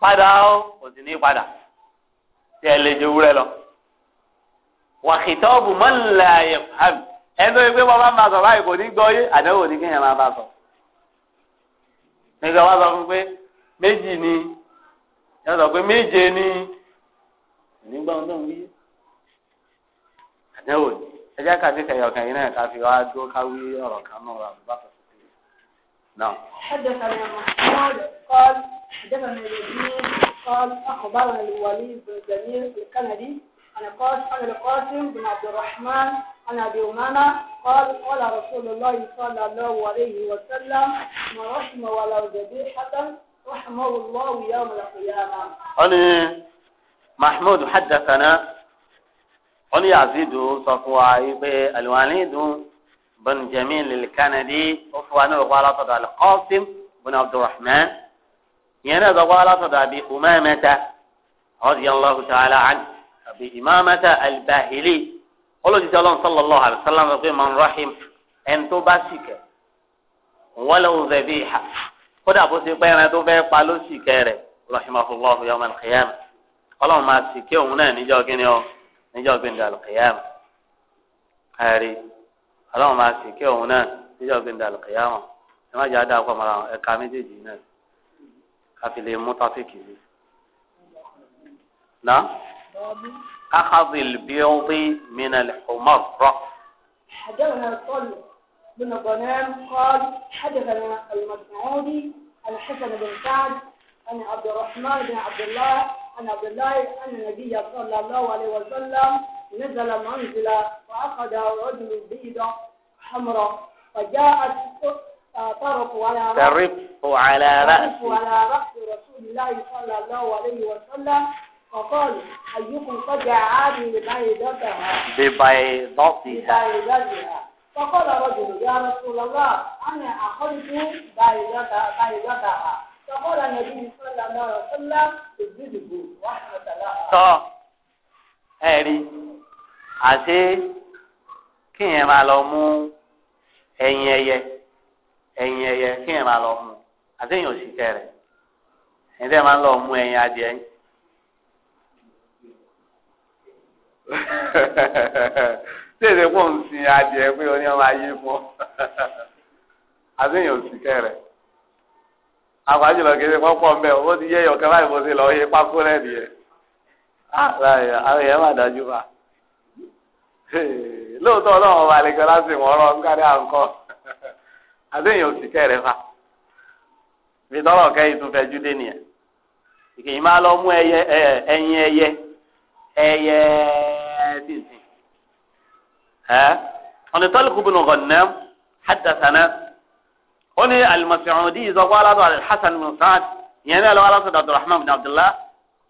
padà ó kò sì ní padà tí ẹ lè jẹ wúrẹ́ lọ. wàhítọ́ọ̀bù mọ́lẹ̀ ayẹ̀ fàmì ẹnu ìgbé wọn bá máa sọ báyìí kò ní gbọ́ yé àdéhùn ní kéèyàn máa bá sọ. nígbà wọn sọ fún pé méjì ni yẹn sọ pé méje ni nígbà wọn náà wí àdéhùn ni ẹ jẹ́ ká fi kẹyọ̀ kẹyìn náà ká fi wá dúró ká wí ọ̀rọ̀ kan náà rà bàtà sí i. نعم. حدثنا قال حدثنا يزيد قال أخبرنا الوليد بن جميل الكندي عن قاسم القاسم بن عبد الرحمن عن أبي أمامة قال قال رسول الله صلى الله عليه وسلم ما رحم ولا ذبيحة رحمه الله يوم القيامة. أنا محمود حدثنا قال يزيد عيب الوليد بن جميل الكندي وفوانه وقال القاسم بن عبد الرحمن ìyẹn náà sọ̀kọ́ alásọ̀dọ̀ àbí umamata radiyallahu ta'ala anhu àbí imamata al-bahili olójijì ọlọ́run sallallahu alaihi wasallam sọ pé man rahim ẹni tó bá sìkẹ́ walau zabiha kódà bó ti pẹ́ ẹran tó fẹ́ pa ló sìkẹ́ rẹ̀ rahimahullahu yawm al-qiyamah ọlọ́run máa sìkẹ́ òun náà níjọ́ kíni ọ níjọ́ gbẹ̀ndà al-qiyamah ẹ̀rí ọlọ́run máa sìkẹ́ òun náà níjọ́ gbẹ̀ndà al ẹ má jẹ́ àdá ọkọ̀ mọ́ra méjèèjì náà. káfí lè لا اخذ البيض من الحمر حدثنا طلق بن غنام قال حدثنا المسعودي حسن بن سعد عن عبد الرحمن بن عبد الله عن عبد الله أن النبي صلى الله عليه وسلم نزل منزلا فأخذ رجل بيضة حمراء فجاءت ترفع على رأس رسول الله صلى الله عليه وسلم فقال أيكم فجع عادي ببيضتها ببيضتها فقال رجل يا رسول الله أنا أخذت بيضتها بيضتها فقال النبي صلى الله عليه وسلم اجلده رحمة الله ẹ̀rí àti kíyẹn máa lọ ẹyin ẹyẹ ẹyin ẹyẹ kí yẹn máa lọ mú àtẹyìn òṣìṣẹ́ rẹ ẹyin tẹ máa lọ mú ẹyin adìẹ yín. kó ń sin adìẹ pé oní ọmọ ayé fún ọ àtẹyìn òṣìṣẹ́ rẹ àpàjù lọ kéde pọpọ mbẹ owó ti yẹ yọkẹ báyìí mo lọ yẹ pákó rẹ nìyẹn ah, àwọn èèyàn má dájú bá lóòótọ́ ọlọ́run ọba àlejò lásìkò ọ̀rọ̀ ń kárí à ń kọ́. àbẹ́yẹn òṣìṣẹ́ rẹ̀ fa fi tọrọ kẹ́yìn tún fẹjú dé nìyẹn yi ma lɔ mú ɛyɛ ẹyẹ ẹyin ɛyɛ ẹyẹ tìǹtìǹ ẹ ọ̀nà tọ́lùkù bùnú ọ̀nà hàdàsánà ó ní alimọ̀sẹ̀rọ̀dì ìzọ́kọ́ aládùn alhassan bin saad ìyẹn ní alọ́ alásọ̀dọ̀ abdulrahman bin abdullah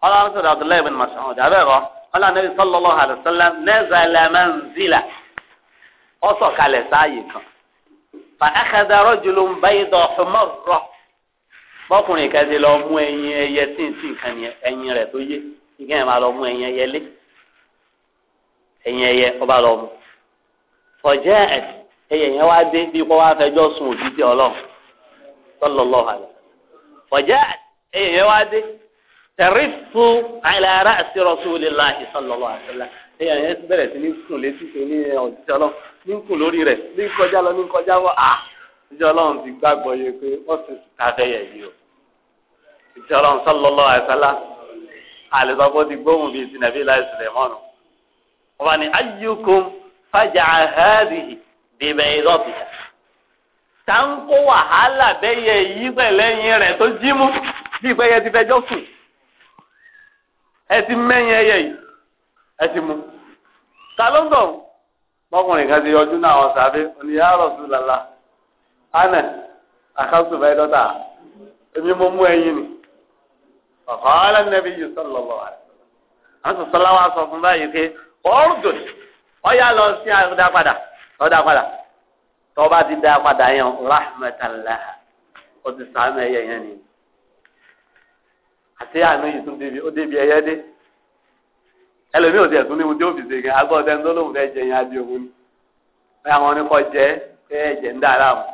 ọlọ́ alásọ̀dọ̀ abdullah bin masoud abẹ́rọ̀ ọlọ́ anabi sallallahu alayhi wa sallam nẹ́zàlámánzìlà ó sọ̀kalẹ̀ sáàyè kan. fa akhadha rajulun bayda humarra bọ́kùnrin kan ti lọ mú ẹyin ẹyẹ tí ń sìn kan ní ẹyin rẹ̀ tó yé ìgbà yẹn máa lọ mú ẹyin ẹyẹ lé ẹyin ẹyẹ ọba lọ mú fọjẹ́ ẹyẹ yẹn wá dé bí kò wá fẹjọ́ sùn òjijì ọlọ́run sallallahu alaihi fọjẹ́ ẹyẹ yẹn wá dé tẹ̀rí fún ala ra'si rasulillahi sallallahu alaihi wasallam èèyàn yẹn bẹ̀rẹ̀ sí ní kùn létí tó ní ọ̀jíṣẹ́ ọlọ́run ní kùn lórí rẹ̀ ní kọjá lọ ní kọjá wọ́ à ìjọ ọlọ́run ti gbàgbọ́ yẹ pé wọ́n ti ta fẹ́yẹ̀ yìí o ìjọ ọlọ́run sọlọ́lọ́ àìsálá àlùbọ́bọ́ ti gbóhùn bíi ti nàbí láì sílẹ̀ mọ́nu. wọ́n bá ní ayyukum fàjà àhádìí bíbẹ̀ ìrọ́bìyà tá wàhálà bẹ́yẹ yìí pẹ̀lẹ́yìn rẹ̀ tó jímú bí ìpẹ́yẹ ti fẹjọ́ sùn ẹ ti mẹ́yìn ẹyẹ yìí. ẹ ti mu ta ló ń bọ̀ mọ́kùnrin kan ti yọjú náà àwọn sàbẹ̀ oníyà rọ̀sùn làlà ànà àkàtúntò báyìí dọ́tà èmi mo mú ẹyin ni ọ̀kọ́ alẹ́nẹ́bí yìí sọ̀rọ̀ lọ́wọ́ rẹ̀ wa sọ fún báyìí pé lọ sí àdá padà padà tọ́ba ti dá padà yẹn ti ẹyẹ yẹn ni àti àánú yìí tún débi ó débi ẹyẹ dé. ẹlòmíì ò tiẹ̀ tún ní ohun tí ó fi ṣe gan agbọ́ ọ̀tẹ́ tó lóun fẹ́ jẹ yẹn adé òun ni pé àwọn oníkọ jẹ pé ẹ̀jẹ̀ ń dára mu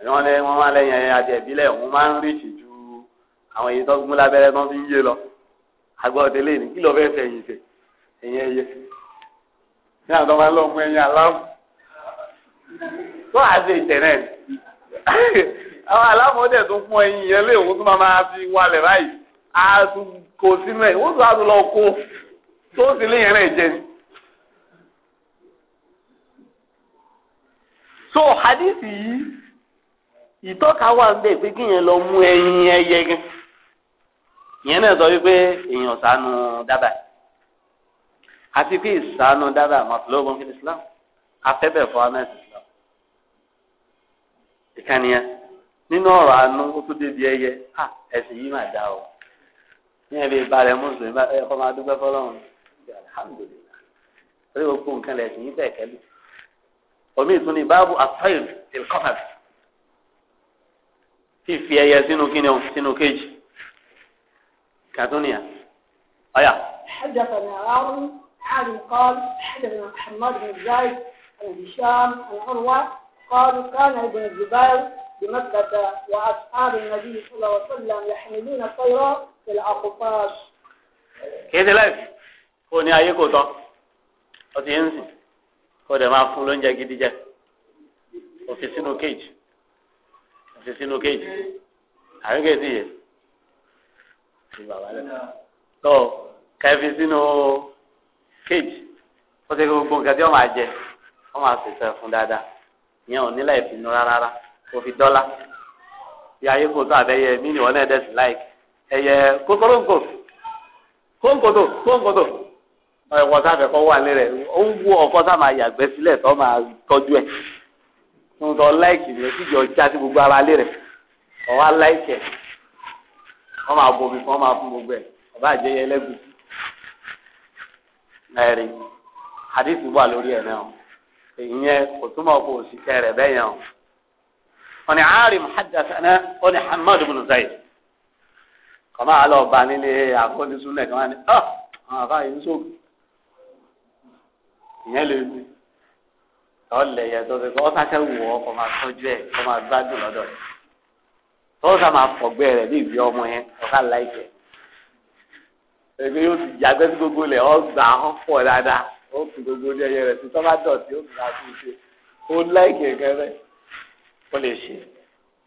ẹ̀yìn wọn lé wọn máa lẹ́yìn adé ìbílẹ̀ òun máa ń rìṣì ju àwọn èyí tó gún lábẹ́rẹ́ tó fi ń yé lọ agbọ́ ọ̀tẹ́ lè ní kí lọ́ọ́ fẹ́ fẹ̀yìn ṣe ẹ̀yìn ẹyẹ ní àwọn máa lọ mú ẹyin aláàmù tó àti ìtẹ̀nẹ̀ àwọn aláàmù ó dẹ̀ tó máa sínú ẹ̀ wọ́n tún á tún lọ kó tó sì léyìn rẹ̀ jẹ ni. so hadith yìí ìtọ́ka wà ń bẹ̀ pé kíyẹn lọ mú ẹyin ẹyẹ gan ìyẹn náà sọ wípé èèyàn sànù dábàá àti pé ìsànù dábàá mọ̀tòlógún fún Islam afẹ́bẹ̀ fún amẹ́sì Islam ìkànnìyàn nínú ọ̀rọ̀ àánú ó tún débi ẹyẹ ah, ẹ̀sìn yìí mà dá o ní ẹ̀ lè balẹ̀ mùsùlùmí ẹ̀kọ́ máa dúpẹ́ fọlọ́run. الحمد لله torí gbogbo nǹkan lẹ̀ sí ibẹ̀ kẹ́lù omi ìtún ni في asfail ti kọ́fà fífi ẹyẹ sínú kíni حدثنا عارم عارم قال حدثنا محمد بن زايد عن هشام عن عروه قالوا كان ابن الزبير بمكة وأصحاب النبي صلى الله عليه وسلم يحملون الطير في الأقفاش كيف ذلك؟ kó ní ayé kò tọ́ ọtí yẹn ń sìn kó dẹ̀ máa fún lóúnjẹ gidi jẹ òfin sínú kéèjì òfin sínú kéèjì àríkè sí yẹ tó kẹfì sínú kéèjì ó ti gbogbo nǹkan tí máa jẹ máa dáadáa ìyẹn ò nílẹ̀ rárá fi dọ́là bí ayé kò àbẹ́yẹ mí ni náà dẹ̀ sí láìkì ẹ̀yẹ kóńkòtò kóńkòtò. ọkọ sáfẹ kọ wà lérẹ ó ń wo ọkọ sáfẹ máa yàgbẹ́ sílẹ̀ tó máa tọ́jú ẹ tó tọ láìkì rẹ síjọ já sí gbogbo ara lérẹ ọwọ aláìkì ẹ wọn máa bomi fún wọn máa fún gbogbo ẹ ọba àjẹyẹ ẹlẹgùn ẹrin hadith wà lórí ẹ náà ìyẹn kò túmọ̀ kó o sì kẹrẹ bẹ́ẹ̀ yẹn o wọn ni aari muhadasana hamadu bin zayid kọ́má àlọ́ nílé àkọ́ni sunlẹ̀ kọ́má ni ọ́ ah, àwọn àfáà ń sóògùn. ìyẹn lè wí ọlẹ yẹn tó kọ ọ sáfẹ wù ọ máa tọ́jú ẹ kọ máa gbádùn lọ́dọ̀ rẹ tó sá máa fọgbẹ rẹ bí ìbí ọmọ yẹn ọkà láìpẹ́ ẹgbẹ yóò ti yàgbẹ́ sí gbogbo lẹ ọgbà ọ̀pọ̀ dáadáa ó fi gbogbo ní ẹyẹ rẹ sí tọ́ bá dọ̀tí ó fi máa fi ṣe ó láìpẹ́ kẹrẹ ó lè ṣe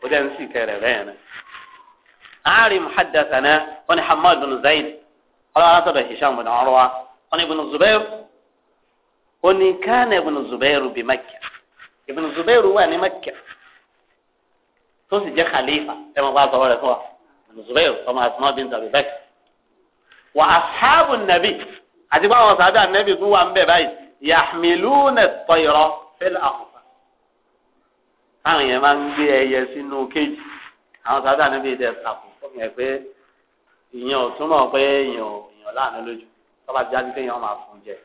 ó dẹ́n sì kẹrẹ rẹ. oni kana ibn zubairu bi makka ibn zubairu wà ní makka tó sì jẹ khalifa ẹ mọ bá sọ wọlé fún wa ibn zubairu ọmọ asma bin tabi bẹẹ wa ashabu nabi àti báwọn sábẹ anabi tún wà ń bẹ báyìí yahmiluna at-tayra fil aqfa táwọn yẹn máa ń gbé ẹyẹ sínú kéjì àwọn sábẹ anabi dẹ sàkó fún yẹn pé ìyẹn ò túmọ̀ pé ìyẹn ò ìyẹn láàánú lójú tọ́ba jáde pé ìyẹn máa fún jẹ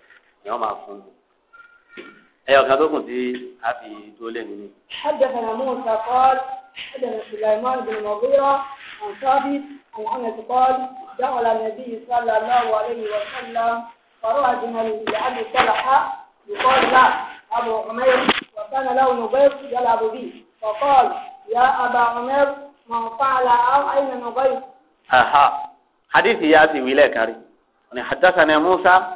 ìyẹn máa fún jẹ. أيوة كذوكم في أبي دولين حدثنا موسى قال حدثنا سليمان بن مغيرة عن ثابت عن أنس قال دخل النبي صلى الله عليه وسلم فرأى جمل لأبي طلحة يقال له أبو عمير وكان له نبيض يلعب به فقال يا أبا عمير من فعل أو أين نبيض أها حديث ياتي ولاك يعني حدثنا موسى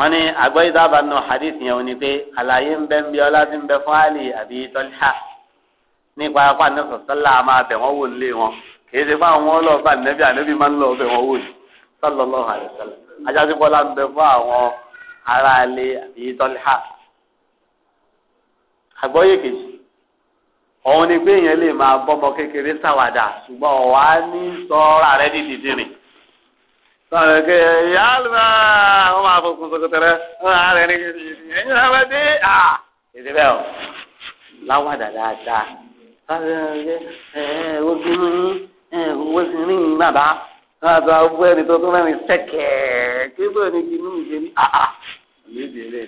wọn ní àgbọ̀yé dábàá nù hadith yẹn wọn ni pé àlàyé ń bẹ ń bí ọlá ti ń bẹ fún àlè àbí tọ́lá nípa apá nẹ́sọ̀ sọ́lá máa bẹ̀ wọ́n wò nílé wọn kìí ṣe fáwọn wọn lọ bá nẹ́bí ànẹ́bí máa ń lọ bẹ̀ wọ́n wò ní sallallahu alaihi wasallam ajásí bọ́lá ń bẹ fún àwọn ará ilé àbí tọ́lá. àgbọ̀yé kejì òun ni pé èèyàn lè máa bọ́mọ kékeré ṣàwàdà ṣùgbọ́n ọ̀wá sọ̀rọ̀ kẹ yálùbá wọ́n máa fọkùn sọkọtẹrẹ wọ́n á rẹ̀ ní kìkìkì ẹ̀yìn náà dé à èdè bẹ́ẹ̀ o láwàdà dáadáa ojú ní oṣù ní bàbá bàbá ọgbọ́ ẹni tó tún mẹ́rin sẹ́kẹ̀ẹ́ kí bó ni kí inú ìṣe ní àà lédè rẹ̀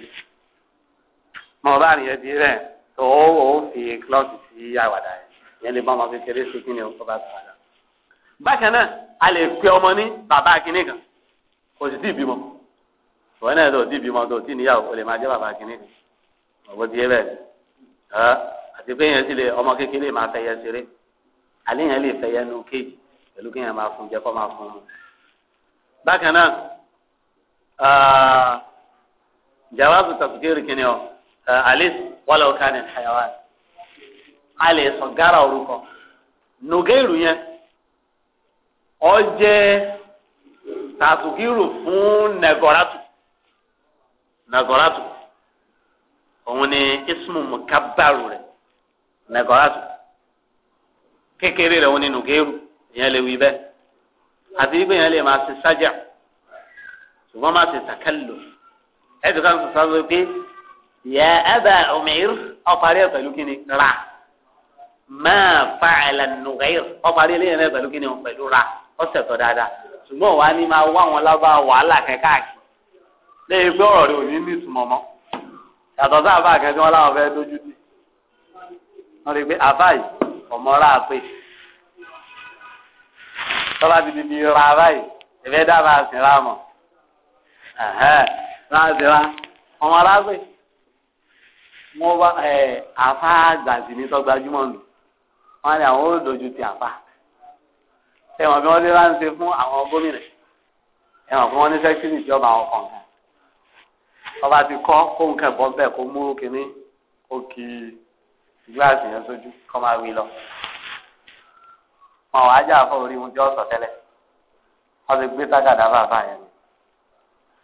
mọ̀ bá nìyẹn ti rẹ̀ tó ó fi kílọ̀sì sí àwàdà yẹn lè bá ọmọ kékeré sí kí ni ó kọ́ bá sọ̀rọ̀ bákan náà a lè pe ọmọ ní bàbá akínní kan kò sì tí ì bímọ ìwọ náà tó tí ì bímọ tó tí ì níyàwó kò lè máa jẹ bàbá akínní kan ọgbọ́n ti yé bẹ́ẹ̀ àti pé yẹn sì lè ọmọ kékeré máa fẹ́ yẹn ṣeré àlẹ́ yẹn lè fẹ́ yẹn nu kéèjì pẹ̀lú kí yẹn máa fún jẹ kó máa fún un. bákan náà jawabu tafsir kini o alis wala o kan ni hayawan a lè yẹn ọjẹ tàtùkìrù fún nàgọ́ràtù nàgọ́ràtù òun ni ismu mukabaru rẹ nàgọ́ràtù kékeré rẹ òun ni nùgẹ́rù ìyẹn lè wí bẹ́ẹ̀ àti wípé ìyẹn lè máa ṣe sájà ṣùgbọ́n máa ṣe tàkàlù ẹ̀dùn kan sọ̀tà ló pé yà ẹ̀bà ọ̀mìr ọ̀parí ẹ̀ pẹ̀lú kíni ra máa fa ẹ̀lẹ̀ nùgẹ́rù ọ̀parí ẹ̀ lẹ́yìn ẹ̀ pẹ̀lú kíni ọ̀ pẹ̀lú ra ọ̀sẹ̀ tọ̀ dáadáa ṣùgbọ́n wàá ní wá wọn lábá wàhálà kan káàkiri lẹ́yìn pé ọ̀rọ̀ rẹ ò ní ní ìtumọ̀ mọ́ yàtọ̀ sí àbá kan tí wọ́n láwọn dójú dì wọ́n rí i pé àbá yìí ọmọ rà pé tọ́lá ti di bí ra àbá yìí ẹ̀fẹ́ dábàá sí ra mọ̀ láti ra ọmọ rà pé wọ́n bá àfa àgbàdì ní tọ́gbàjúmọ̀ nù wọ́n ní àwọn ò dojú ti àfa ẹ̀wọ̀n bí wọ́n ti bá ń ṣe fún àwọn gómìnà ẹ̀wọ̀n bí wọ́n ní sẹ́kítìrì ìjọba àwọn kọ̀ọ̀kan ọba ti kọ́ kó nǹkan bọ́ bẹ́ẹ̀ kó mú kínní ó kì gíláàsì yẹn sójú kọ́ máa wí lọ. wọn ò ájà fọ orí wọn jọ sọ tẹ́lẹ̀ ti gbé tágàdá bàbá yẹn ni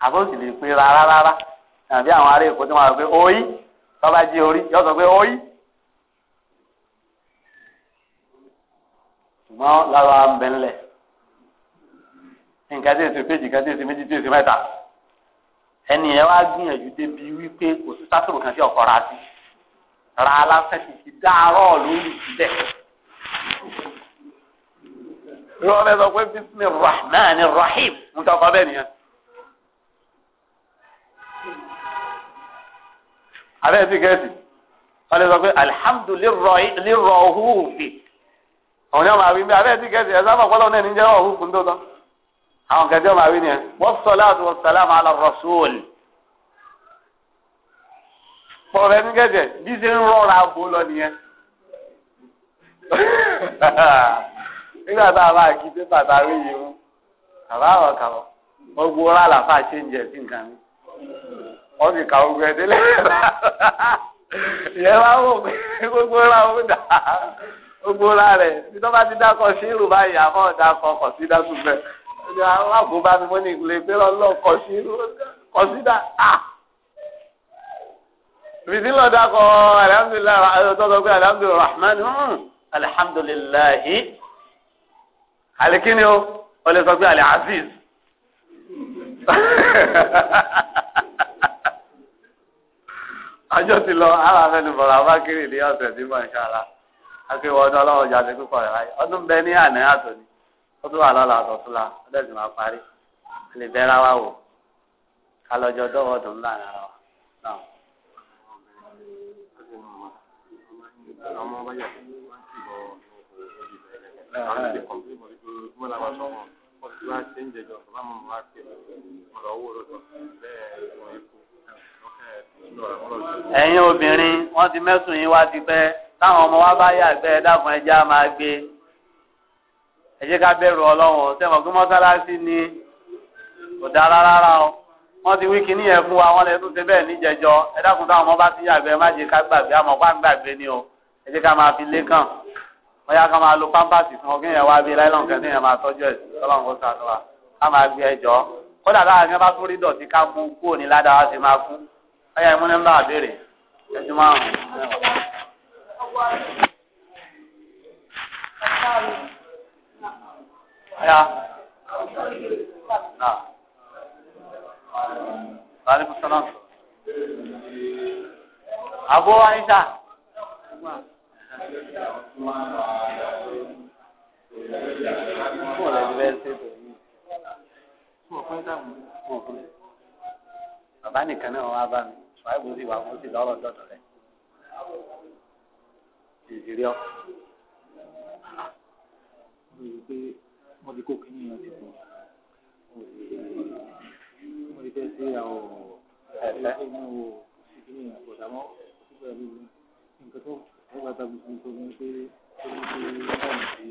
àbóòsì lè pe rárá rárá àbí àwọn ará tí wọ́n sọ pé orí tọ́ba jí orí yọ sọ pé orí. ṣùgbọ́n lára ń bẹ ńlẹ̀ nǹkan tí èsì péjì kan tí èsì méjì tí èsì mẹ́ta ẹni ẹ wá gbìyànjú débi wípé kò sí sátòrò kan sí ọkọ̀ ra sí ra aláfẹ́ ti fi dáárọ̀ lórí ìbílẹ̀ lọ́wọ́ bẹ́ẹ̀ sọ pé bísí rahman rahim ń tọkọ bẹ́ẹ̀ nìyẹn. abẹ́ẹ̀ sì kẹ́sì wọ́n lè sọ pé alihamudulilayi rọ̀húùfì àwọn yóò máa wí bí abẹ́ẹ̀ tí kẹ́sì ẹ̀ sábà pọ́lọ́ náà níjẹ́ ọ̀hún kún tó lọ. àwọn kẹ́sì máa wí ni ẹ̀ wọ́n sọ láti wọ́n sàlámù ala rasul. pọ̀rọ̀ ẹni kẹ́sì bí ṣe ń rọra bó lọ nìyẹn. nígbà tá a máa kí pépà tá a rí yìí mú àbá àwọn kàwọ́ wọ́n gbó rà làfà ṣe ń jẹ sí nǹkan mi wọ́n fi kàwọ́ gbẹ délé ìyẹn wá wò pé gbogbo rà ó dà á gbogbo ra rẹ̀ tí tó bá ti dákọ̀ sí irú báyìí àmọ́ dákọ̀ kọ̀ sí dákú bẹ́ẹ̀. ọjọ́ àwọn àbúbá mi mọ́ ní ìpínlẹ̀ pé ọlọ́ọ̀ kọ̀ sí irú kọ̀ sí dá à. bìtí lọ dákọ̀ alhamdulilayi tó sọ pé rahman hmm, alhamdulilayi alikini o ó sọ pé ali aziz. ti lọ àwọn afẹnifọ̀rọ̀ abákiri ní ọ̀sẹ̀ tí mo ń ṣe akéwì ọdún ọlọ́run ọjà ti pípọ̀ rẹ̀ láyé ọdún bẹ ní àná àtòní ó tún wà lọ́la máa parí lè bẹ́ra wò kálọ́jọ́ dọ́wọ́ ọdún ńlá ara wa ẹ̀yin obìnrin wọ́n ti mẹ́sùn yín wá ti pẹ́. táwọn ọmọ wa bá yà gbẹ dákun ẹja máa gbé ẹ jẹ́ ká bẹ̀rù Ọlọ́run sẹmọ pé mọ́sálásí ni kò dára rárá o wọ́n ti wí kíní yẹn fún wa wọ́n lè tún ṣe bẹ́ẹ̀ níjẹjọ ẹ dákun táwọn ọmọ bá ti yà gbẹ má jẹ́ ká gbàgbé àmọ́ pa ń gbàgbé ni o ẹ jẹ́ ká máa fi lé kàn wọ́n yá ká máa lo pampasì fún ọkàn yẹn wá bí láìlọ́n kan ní yẹn máa tọ́jú ẹ̀ sí Ọlọ́run kó sànù wa ká máa gbé ẹjọ́ kódà láàrin yẹn bá tún rí dọ̀tí ká mú kúrò ní ládàá wá sí máa kú ọ̀yà ìmúnimọ́ àbèrè ẹjú márùn-ún. يا نعم bàbá nìkan náà wá bá mi ṣùgbọ́n àìbùsí wà fún sí lọ́rọ̀ dọ̀dọ̀ rẹ̀ èrè mo rí pé wọ́n ti kó kínní yẹn ti pọ̀ mo rí pé ṣé àwọn ẹ̀fẹ́ inú wo sí kínní pọ̀ dàmọ́ nǹkan tó ń bàtà gbogbo nǹkan ní pé ó ní pé ó ń bá mi sí.